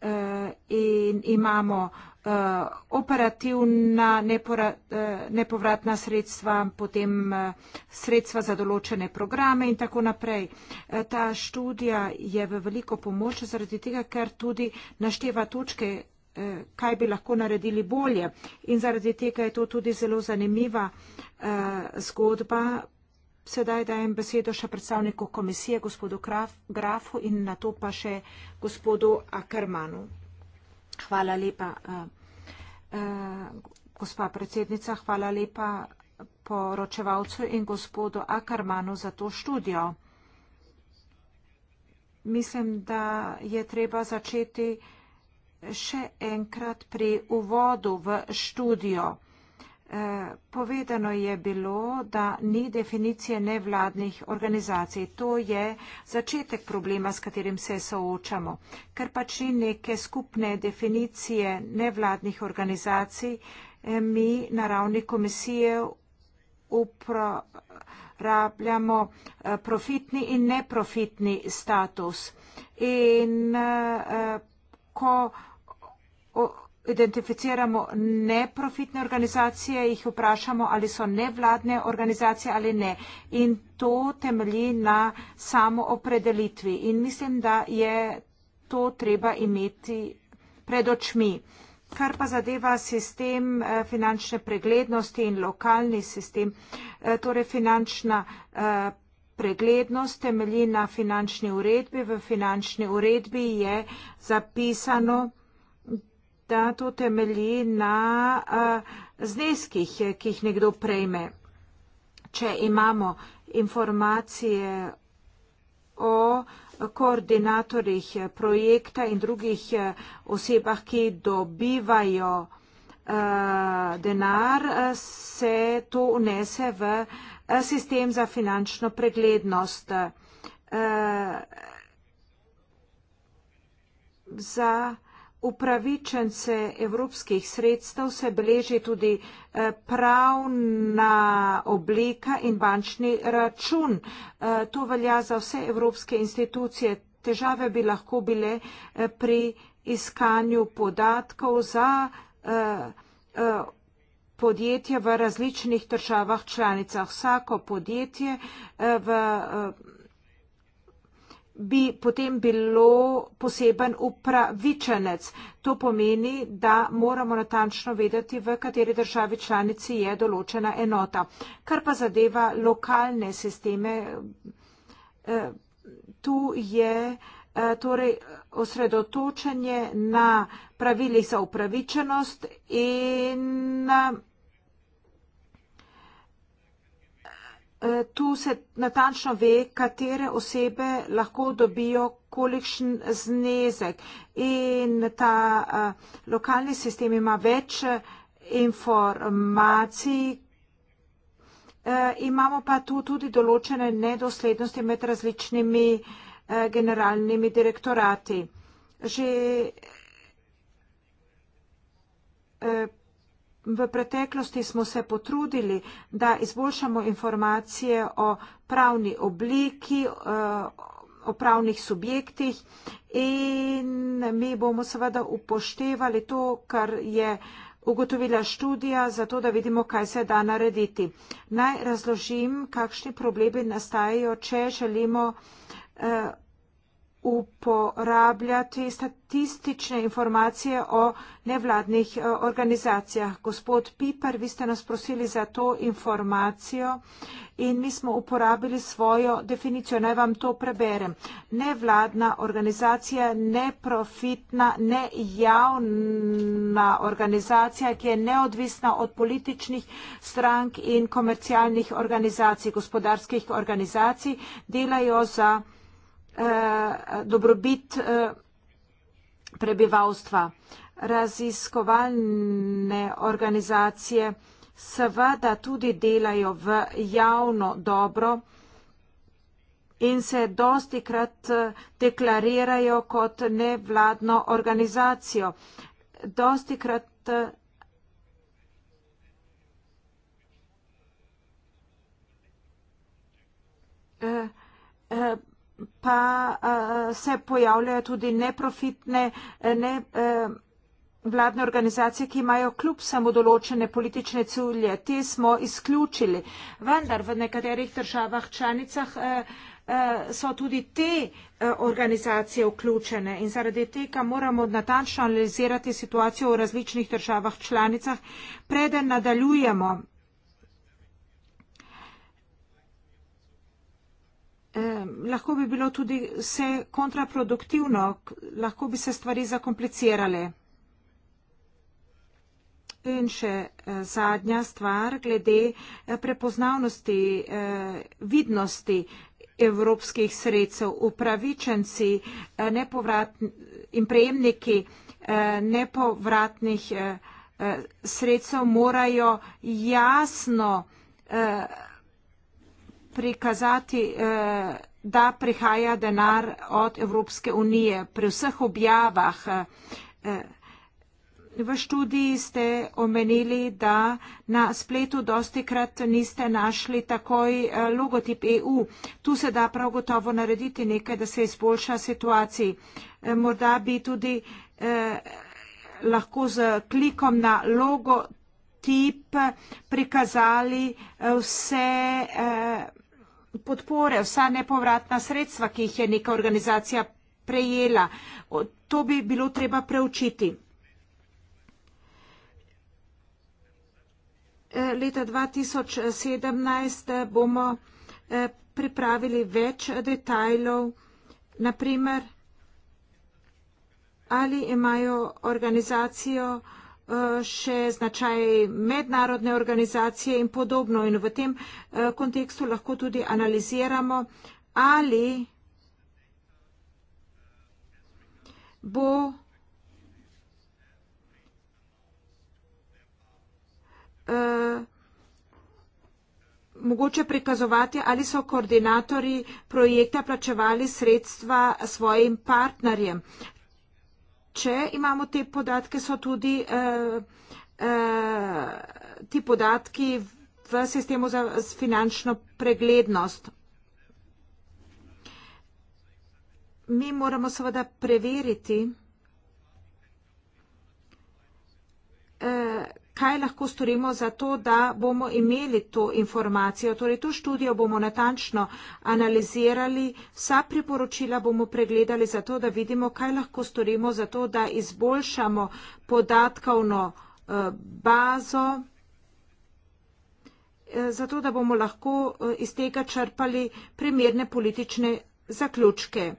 in imamo operativna nepovratna sredstva, potem sredstva za določene programe in tako naprej. Ta študija je v veliko pomoč zaradi tega, ker tudi našteva točke, Eh, kaj bi lahko naredili bolje. In zaradi tega je to tudi zelo zanimiva eh, zgodba. Sedaj dajem besedo še predstavniku komisije, gospodu Graf, Grafu in na to pa še gospodu Akermanu. Hvala lepa, eh, gospa predsednica, hvala lepa poročevalcu in gospodu Akermanu za to študijo. Mislim, da je treba začeti uh, še enkrat pri uvodu v študijo. Eh, povedano je bilo, da ni definicije nevladnih organizacij. To je začetek problema, s katerim se soočamo. Ker pač ni neke skupne definicije nevladnih organizacij, eh, mi na ravni komisije uporabljamo eh, profitni in neprofitni status. In ko identificiramo neprofitne organizacije, jih vprašamo, ali so nevladne organizacije ali ne. In to temelji na samo opredelitvi. In mislim, da je to treba imeti pred očmi. Kar pa zadeva sistem eh, finančne preglednosti in lokalni sistem, eh, torej finančna eh, preglednost temelji na finančni uredbi. V finančni uredbi je zapisano, da to temelji na zneskih, ki jih nekdo prejme. Če imamo informacije o koordinatorjih projekta in drugih osebah, ki dobivajo denar, se to unese v sistem za finančno preglednost. Za upravičence evropskih sredstev se beleži tudi eh, pravna oblika in bančni račun. Eh, to velja za vse evropske institucije. Težave bi lahko bile eh, pri iskanju podatkov za podjetje v različnih državah članicah. Vsako podjetje v bi potem bilo poseben upravičenec. To pomeni, da moramo natančno vedeti, v kateri državi članici je določena enota. Kar pa zadeva lokalne sisteme, eh, tu je eh, torej osredotočenje na pravili za upravičenost in Eh, tu se natančno ve, katere osebe lahko dobijo kolikšen znezek. In ta uh, lokalni sistem ima več eh, informacij. Uh, imamo pa tu tudi določene nedoslednosti med različnimi uh, generalnimi direktorati. Že uh, v preteklosti smo se potrudili, da izboljšamo informacije o pravni obliki, eh, o pravnih subjektih in mi bomo seveda upoštevali to, kar je ugotovila študija, zato da vidimo, kaj se da narediti. Naj razložim, kakšni problemi nastajajo, če želimo eh, uporabljati statistične informacije o nevladnih eh, organizacijah. Gospod Piper, vi ste nas prosili za to informacijo in mi smo uporabili svojo definicijo. Naj vam to preberem. Nevladna organizacija, neprofitna, nejavna organizacija, ki je neodvisna od političnih strank in komercialnih organizacij, gospodarskih organizacij, delajo za Eh, dobrobit eh, prebivalstva. Raziskovalne organizacije seveda tudi delajo v javno dobro in se dosti krat eh, deklarirajo kot nevladno organizacijo. Dosti krat eh, eh, pa uh, se pojavljajo tudi neprofitne, eh, ne. Uh, vladne organizacije, ki imajo kljub samodoločene politične cilje. Te smo izključili. Vendar v nekaterih državah članicah eh, eh, so tudi te eh, organizacije vključene in zaradi tega moramo natančno analizirati situacijo v različnih državah članicah, preden nadaljujemo lahko bi bilo tudi vse kontraproduktivno, lahko bi se stvari zakomplicirale. In še eh, zadnja stvar glede eh, prepoznavnosti, eh, vidnosti evropskih sredstev, upravičenci in prejemniki nepovratnih sredstev morajo jasno prikazati, eh, da prihaja denar od Evropske unije. Pri vseh objavah eh, v študiji ste omenili, da na spletu dosti krat niste našli takoj eh, logotip EU. Tu se da prav gotovo narediti nekaj, da se izboljša situaciji. Morda bi tudi lahko z klikom na logotip prikazali vse eh, podpore, vsa nepovratna sredstva, ki jih je neka organizacija prejela. To bi bilo treba preučiti. E, leta 2017 bomo e, pripravili več detajlov, naprimer, ali imajo organizacijo Eh, še značaj mednarodne organizacije in podobno. In v tem eh, kontekstu lahko tudi analiziramo, ali bo eh, mogoče prikazovati, ali so koordinatori projekta plačevali sredstva svojim partnerjem če imamo te podatke, so tudi uh, uh, ti podatki v sistemu za finančno preglednost. Mi moramo seveda preveriti, eh, kaj lahko storimo za to, da bomo imeli to informacijo. Torej, to študijo bomo natančno analizirali, vsa priporočila bomo pregledali za to, da vidimo, kaj lahko storimo za to, da izboljšamo podatkovno eh, bazo, eh, zato da bomo lahko eh, iz tega črpali primerne politične zaključke.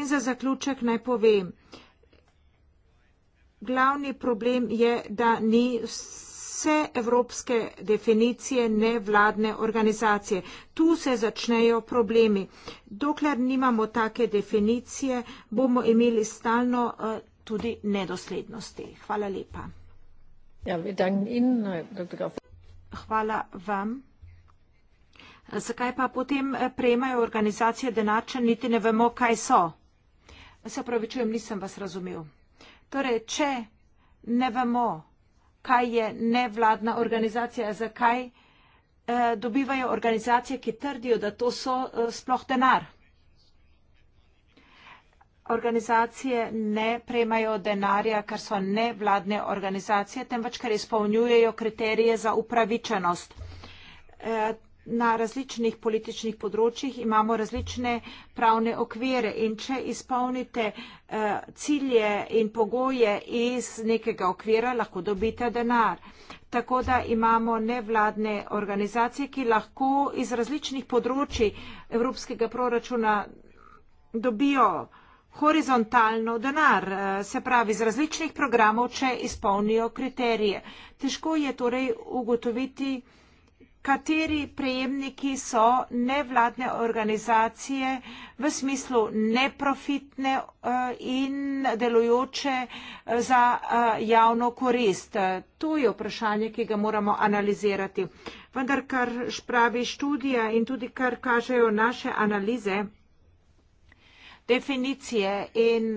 In za zaključek naj povem glavni problem je, da ni vse evropske definicije nevladne organizacije. Tu se začnejo problemi. Dokler nimamo take definicije, bomo imeli stalno eh, tudi nedoslednosti. Hvala lepa. Ja, Hvala vam. Zakaj pa potem eh, prejemajo organizacije denar, če niti ne vemo, kaj so? Se pravi, čujem, nisem vas razumel. Torej, če ne vemo, kaj je nevladna organizacija, zakaj eh, dobivajo organizacije, ki trdijo, da to so eh, sploh denar. Organizacije ne prejmajo denarja, ker so nevladne organizacije, temveč ker izpolnjujejo kriterije za upravičenost. Eh, na različnih političnih področjih imamo različne pravne okvire in če izpolnite eh, cilje in pogoje iz nekega okvira, lahko dobite denar. Tako da imamo nevladne organizacije, ki lahko iz različnih področji evropskega proračuna dobijo horizontalno denar, eh, se pravi iz različnih programov, če izpolnijo kriterije. Težko je torej ugotoviti, kateri prejemniki so nevladne organizacije v smislu neprofitne eh, in delujoče eh, za eh, javno korist. To je vprašanje, ki ga moramo analizirati. Vendar, kar pravi študija in tudi kar kažejo naše analize, definicije in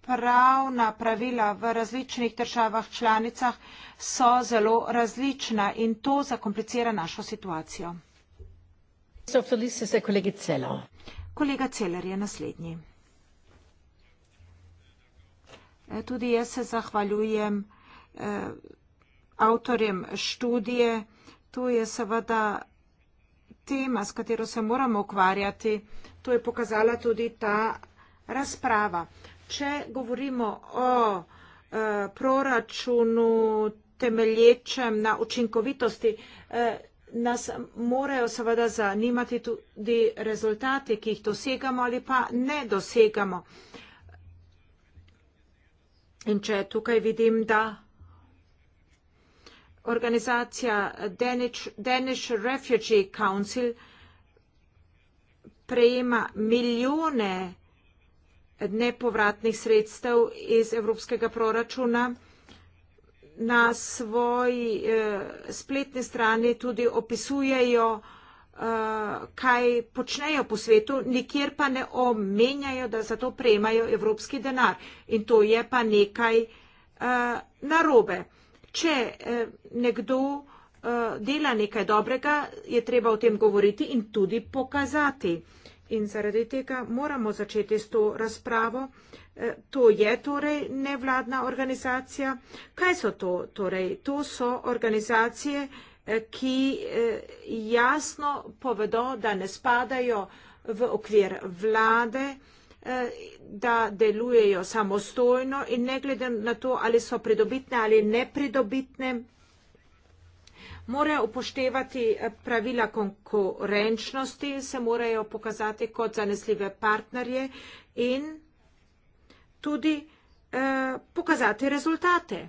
pravna pravila v različnih državah članicah so zelo različna in to zakomplicira našo situacijo. Kolega Celer je naslednji. E, tudi jaz se zahvaljujem e, avtorjem študije. To je seveda tema, s katero se moramo ukvarjati. To je pokazala tudi ta razprava če govorimo o e, proračunu temelječem na učinkovitosti, e, nas morajo seveda zanimati tudi rezultati, ki jih dosegamo ali pa ne dosegamo. In če tukaj vidim, da organizacija Danish, Danish Refugee Council prejema milijone nepovratnih sredstev iz evropskega proračuna. Na svoji eh, spletni strani tudi opisujejo, eh, kaj počnejo po svetu, nikjer pa ne omenjajo, da zato prejmajo evropski denar. In to je pa nekaj eh, narobe. Če nekdo dela nekaj dobrega, je treba o tem govoriti in tudi pokazati in zaradi tega moramo začeti s to razpravo. E, to je torej nevladna organizacija. Kaj so to? Torej, to so organizacije, e, ki e, jasno povedo, da ne spadajo v okvir vlade, da delujejo samostojno in ne glede na to, ali so pridobitne ali nepridobitne morajo upoštevati eh, pravila konkurenčnosti, se morajo pokazati kot zanesljive partnerje in tudi eh, pokazati rezultate.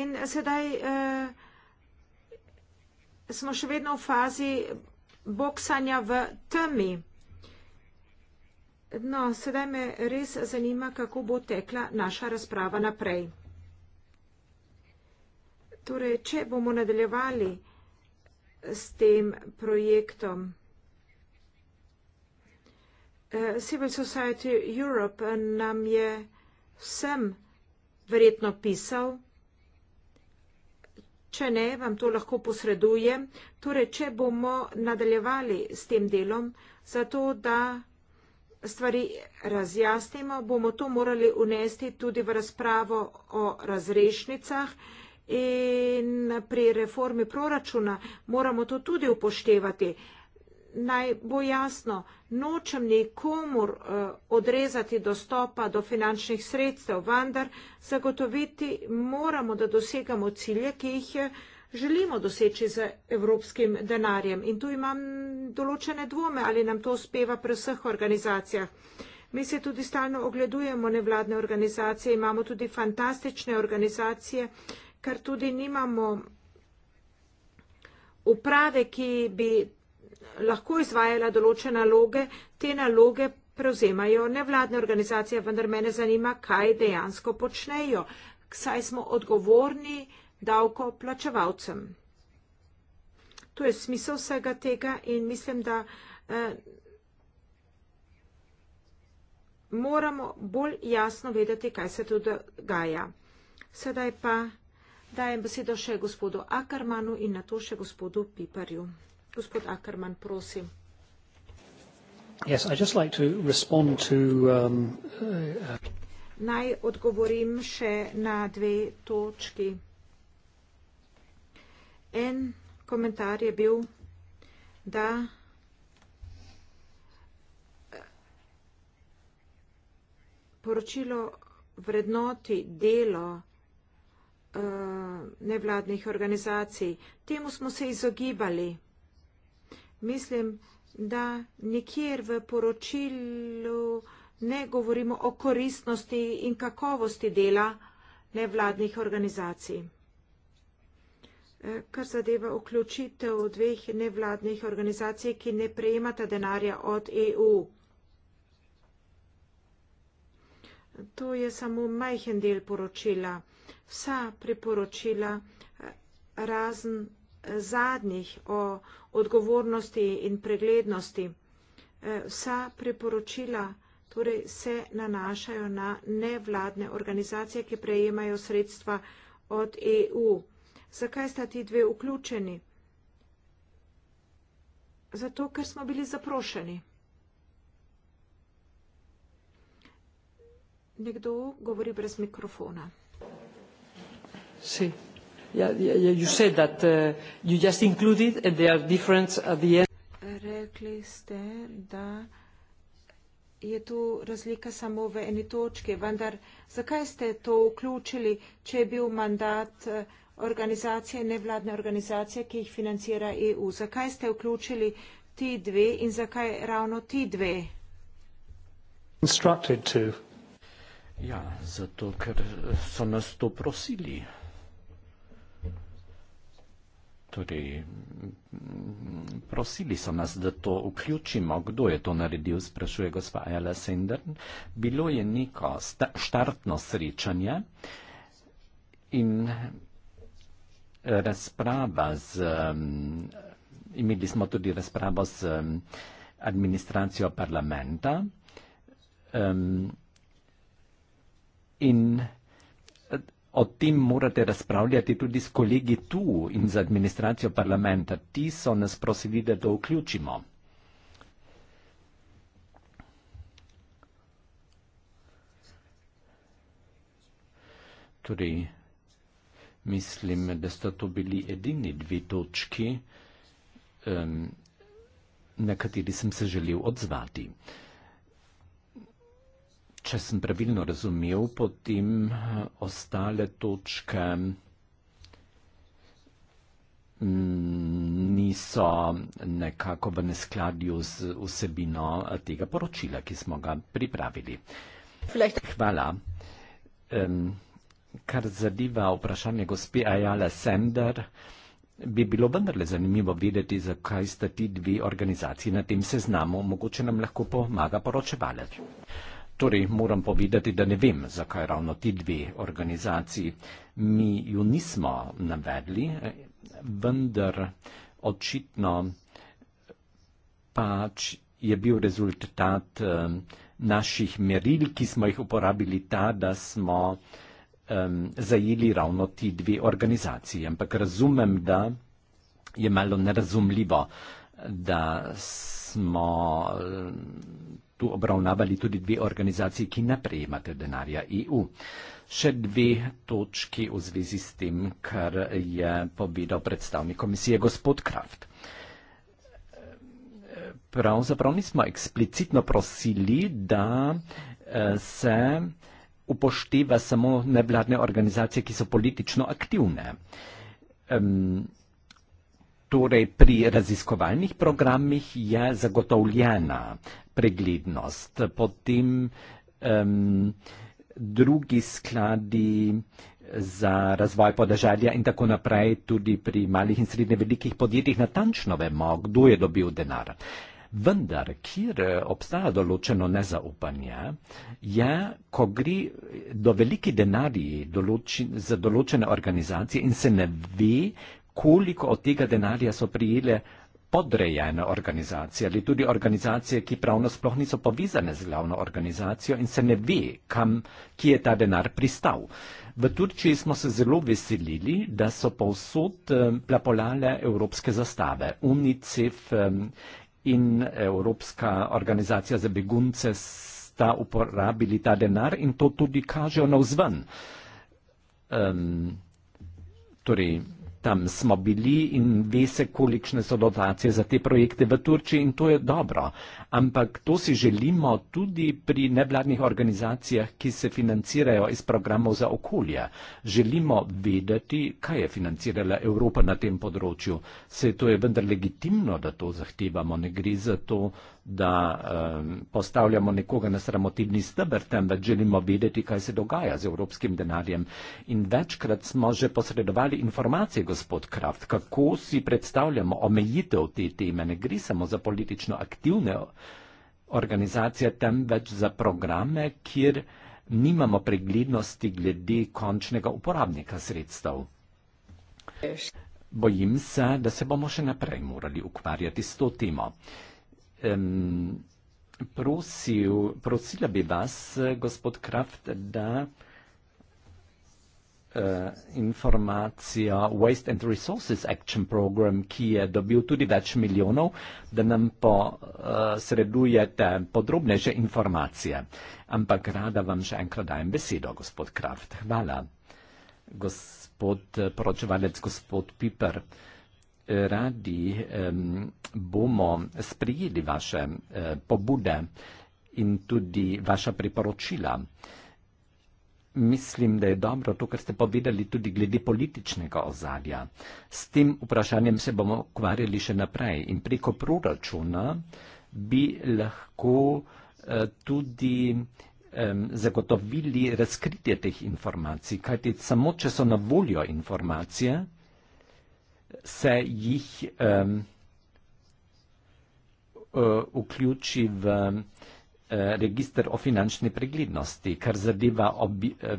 In sedaj eh, smo še vedno v fazi boksanja v temi. No, sedaj me res zanima, kako bo tekla naša razprava naprej. Torej, če bomo nadaljevali s tem projektom eh, Civil Society Europe nam je vsem verjetno pisal, če ne, vam to lahko posreduje. Torej, če bomo nadaljevali s tem delom, zato da stvari razjasnimo, bomo to morali unesti tudi v razpravo o razrešnicah, In pri reformi proračuna moramo to tudi upoštevati. Naj bo jasno, nočem nikomor eh, odrezati dostopa do finančnih sredstev, vendar zagotoviti moramo, da dosegamo cilje, ki jih eh, želimo doseči z evropskim denarjem. In tu imam določene dvome, ali nam to uspeva pri vseh organizacijah. Mi se tudi stalno ogledujemo nevladne organizacije, imamo tudi fantastične organizacije, ker tudi nimamo uprave, ki bi lahko izvajala določene naloge, te naloge prevzemajo nevladne organizacije, vendar mene zanima, kaj dejansko počnejo, saj smo odgovorni davkoplačevalcem. To je smisel vsega tega in mislim, da eh, moramo bolj jasno vedeti, kaj se tu dogaja. Sedaj pa. Dajem besedo še gospodu Akarmanu in na to še gospodu Piparju. Gospod Akarman, prosim. Yes, like to to, um, uh, Naj odgovorim še na dve točki. En komentar je bil, da eh, poročilo vrednoti delo Eh, nevladnih organizacij. Temu smo se izogibali. Mislim, da nikjer v poročilu ne govorimo o koristnosti in kakovosti dela nevladnih organizacij. Eh, kar zadeva vključitev dveh nevladnih organizacij, ki ne prejemata denarja od EU. To je samo majhen del poročila vsa priporočila, razen zadnjih o odgovornosti in preglednosti. Vsa priporočila torej se nanašajo na nevladne organizacije, ki prejemajo sredstva od EU. Zakaj sta ti dve vključeni? Zato, ker smo bili zaprošeni. Nekdo govori brez mikrofona. Sí. Yeah, yeah, you said that uh, you just included and there are difference at the end. Rekli ste, da je tu razlika samo v eni točki, vendar zakaj ste to vključili, če je bil mandat uh, organizacije, nevladne organizacije, ki jih financira EU? Zakaj ste vključili ti dve in zakaj ravno ti dve? Ja, zato, ker so nas to prosili. Torej, prosili so nas, da to vključimo. Kdo je to naredil, sprašuje gospa Ella Sindern. Bilo je neko štartno srečanje in razprava z, um, imeli smo tudi razpravo z um, administracijo parlamenta. Um, in O tem morate razpravljati tudi s kolegi tu in z administracijo parlamenta. Ti so nas prosili, da to vključimo. Torej, mislim, da sta to bili edini dve točki, um, na kateri sem se želel odzvati če sem pravilno razumel, potem eh, ostale točke mm, niso nekako v neskladju z vsebino eh, tega poročila, ki smo ga pripravili. Hvala. Kar zadeva vprašanje gospe Ajale Sender, bi bilo vendarle zanimivo videti, zakaj sta ti dve organizaciji na tem seznamu. Mogoče nam lahko pomaga poročevalec. Torej moram povedati, da ne vem, zakaj ravno ti dve organizaciji. Mi ju nismo navedli, vendar očitno pač je bil rezultat naših meril, ki smo jih uporabili ta, da smo um, zajeli ravno ti dve organizaciji. Ampak razumem, da je malo nerazumljivo, da smo. Um, tu obravnavali tudi dve organizaciji, ki ne prejemate denarja EU. Še dve točki v zvezi s tem, kar je povedal predstavnik komisije gospod Kraft. Pravzaprav nismo eksplicitno prosili, da eh, se upošteva samo nevladne organizacije, ki so politično aktivne. Torej, pri raziskovalnih programih je zagotovljena preglednost. Potem um, drugi skladi za razvoj podeželja in tako naprej tudi pri malih in srednje velikih podjetjih natančno vemo, kdo je dobil denar. Vendar, kjer obstaja določeno nezaupanje, je, ko gre do veliki denarji določi, za določene organizacije in se ne ve, koliko od tega denarja so prijele podrejene organizacije ali tudi organizacije, ki pravno sploh niso povezane z glavno organizacijo in se ne ve, kam, ki je ta denar pristal. V Turčiji smo se zelo veselili, da so povsod plapolale eh, evropske zastave. UNICEF eh, in Evropska organizacija za begunce sta uporabili ta denar in to tudi kažejo na vzven. Um, torej, tam smo bili in ve se, kolikšne so dotacije za te projekte v Turčiji in to je dobro. Ampak to si želimo tudi pri nevladnih organizacijah, ki se financirajo iz programov za okolje. Želimo vedeti, kaj je financirala Evropa na tem področju. Se to je vendar legitimno, da to zahtevamo, ne gre za to da um, postavljamo nekoga na sramotivni stebr, temveč želimo vedeti, kaj se dogaja z evropskim denarjem. In večkrat smo že posredovali informacije, gospod Kraft, kako si predstavljamo omejitev te teme. Ne gre samo za politično aktivne organizacije, temveč za programe, kjer nimamo preglednosti glede končnega uporabnika sredstev. Bojim se, da se bomo še naprej morali ukvarjati s to temo. Um, prosil, prosila bi vas, gospod Kraft, da uh, informacija Waste and Resources Action Program, ki je dobil tudi več milijonov, da nam posredujete eh, uh, podrobnejše informacije. Ampak rada vam še enkrat dajem besedo, gospod Kraft. Hvala. Gospod eh, poročevalec, gospod Piper. Uh, radi um, bomo sprejeli vaše uh, pobude in tudi vaša priporočila. Mislim, da je dobro to, kar ste povedali tudi glede političnega ozadja. S tem vprašanjem se bomo ukvarjali še naprej in preko proračuna bi lahko uh, tudi um, zagotovili razkritje teh informacij, kajti samo, če so na voljo informacije, se jih um, vključi v e, register o finančni preglednosti, kar zadeva e,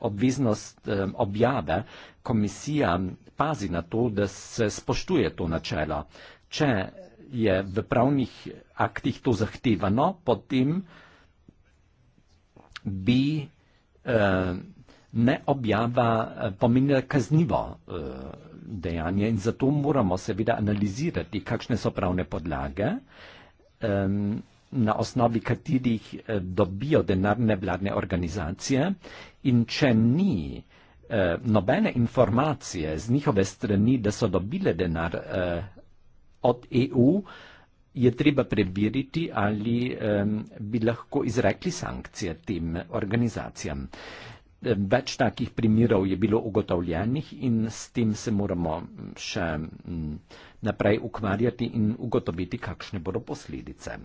obveznost objave, komisija pazi na to, da se spoštuje to načelo. Če je v pravnih aktih to zahtevano, potem bi neobjava pomenila kaznivo dejanje in zato moramo seveda analizirati, kakšne so pravne podlage, na osnovi katerih eh, dobijo denarne vladne organizacije in če ni eh, nobene informacije z njihove strani, da so dobile denar eh, od EU, je treba prebiriti, ali bi lahko izrekli sankcije tem organizacijam. Več takih primerov je bilo ugotovljenih in s tem se moramo še mm, naprej ukvarjati in ugotoviti, kakšne bodo posledice.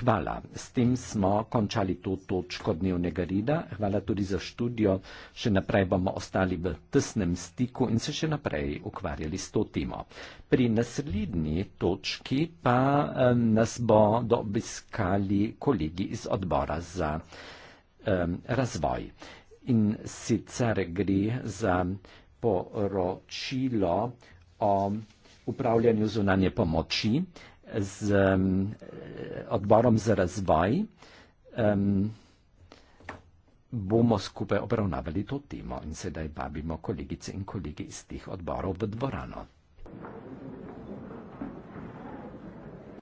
Hvala. S tem smo končali to točko dnevnega reda. Hvala tudi za študijo. Še naprej bomo ostali v tesnem stiku in se še naprej ukvarjali s to temo. Pri naslednji točki pa eh, nas bo dobiskali kolegi iz odbora za eh, razvoj in sicer gre za poročilo o upravljanju zunanje pomoči z um, odborom za razvoj. Um, bomo skupaj obravnavali to temo in sedaj vabimo kolegice in kolege iz teh odborov v dvorano.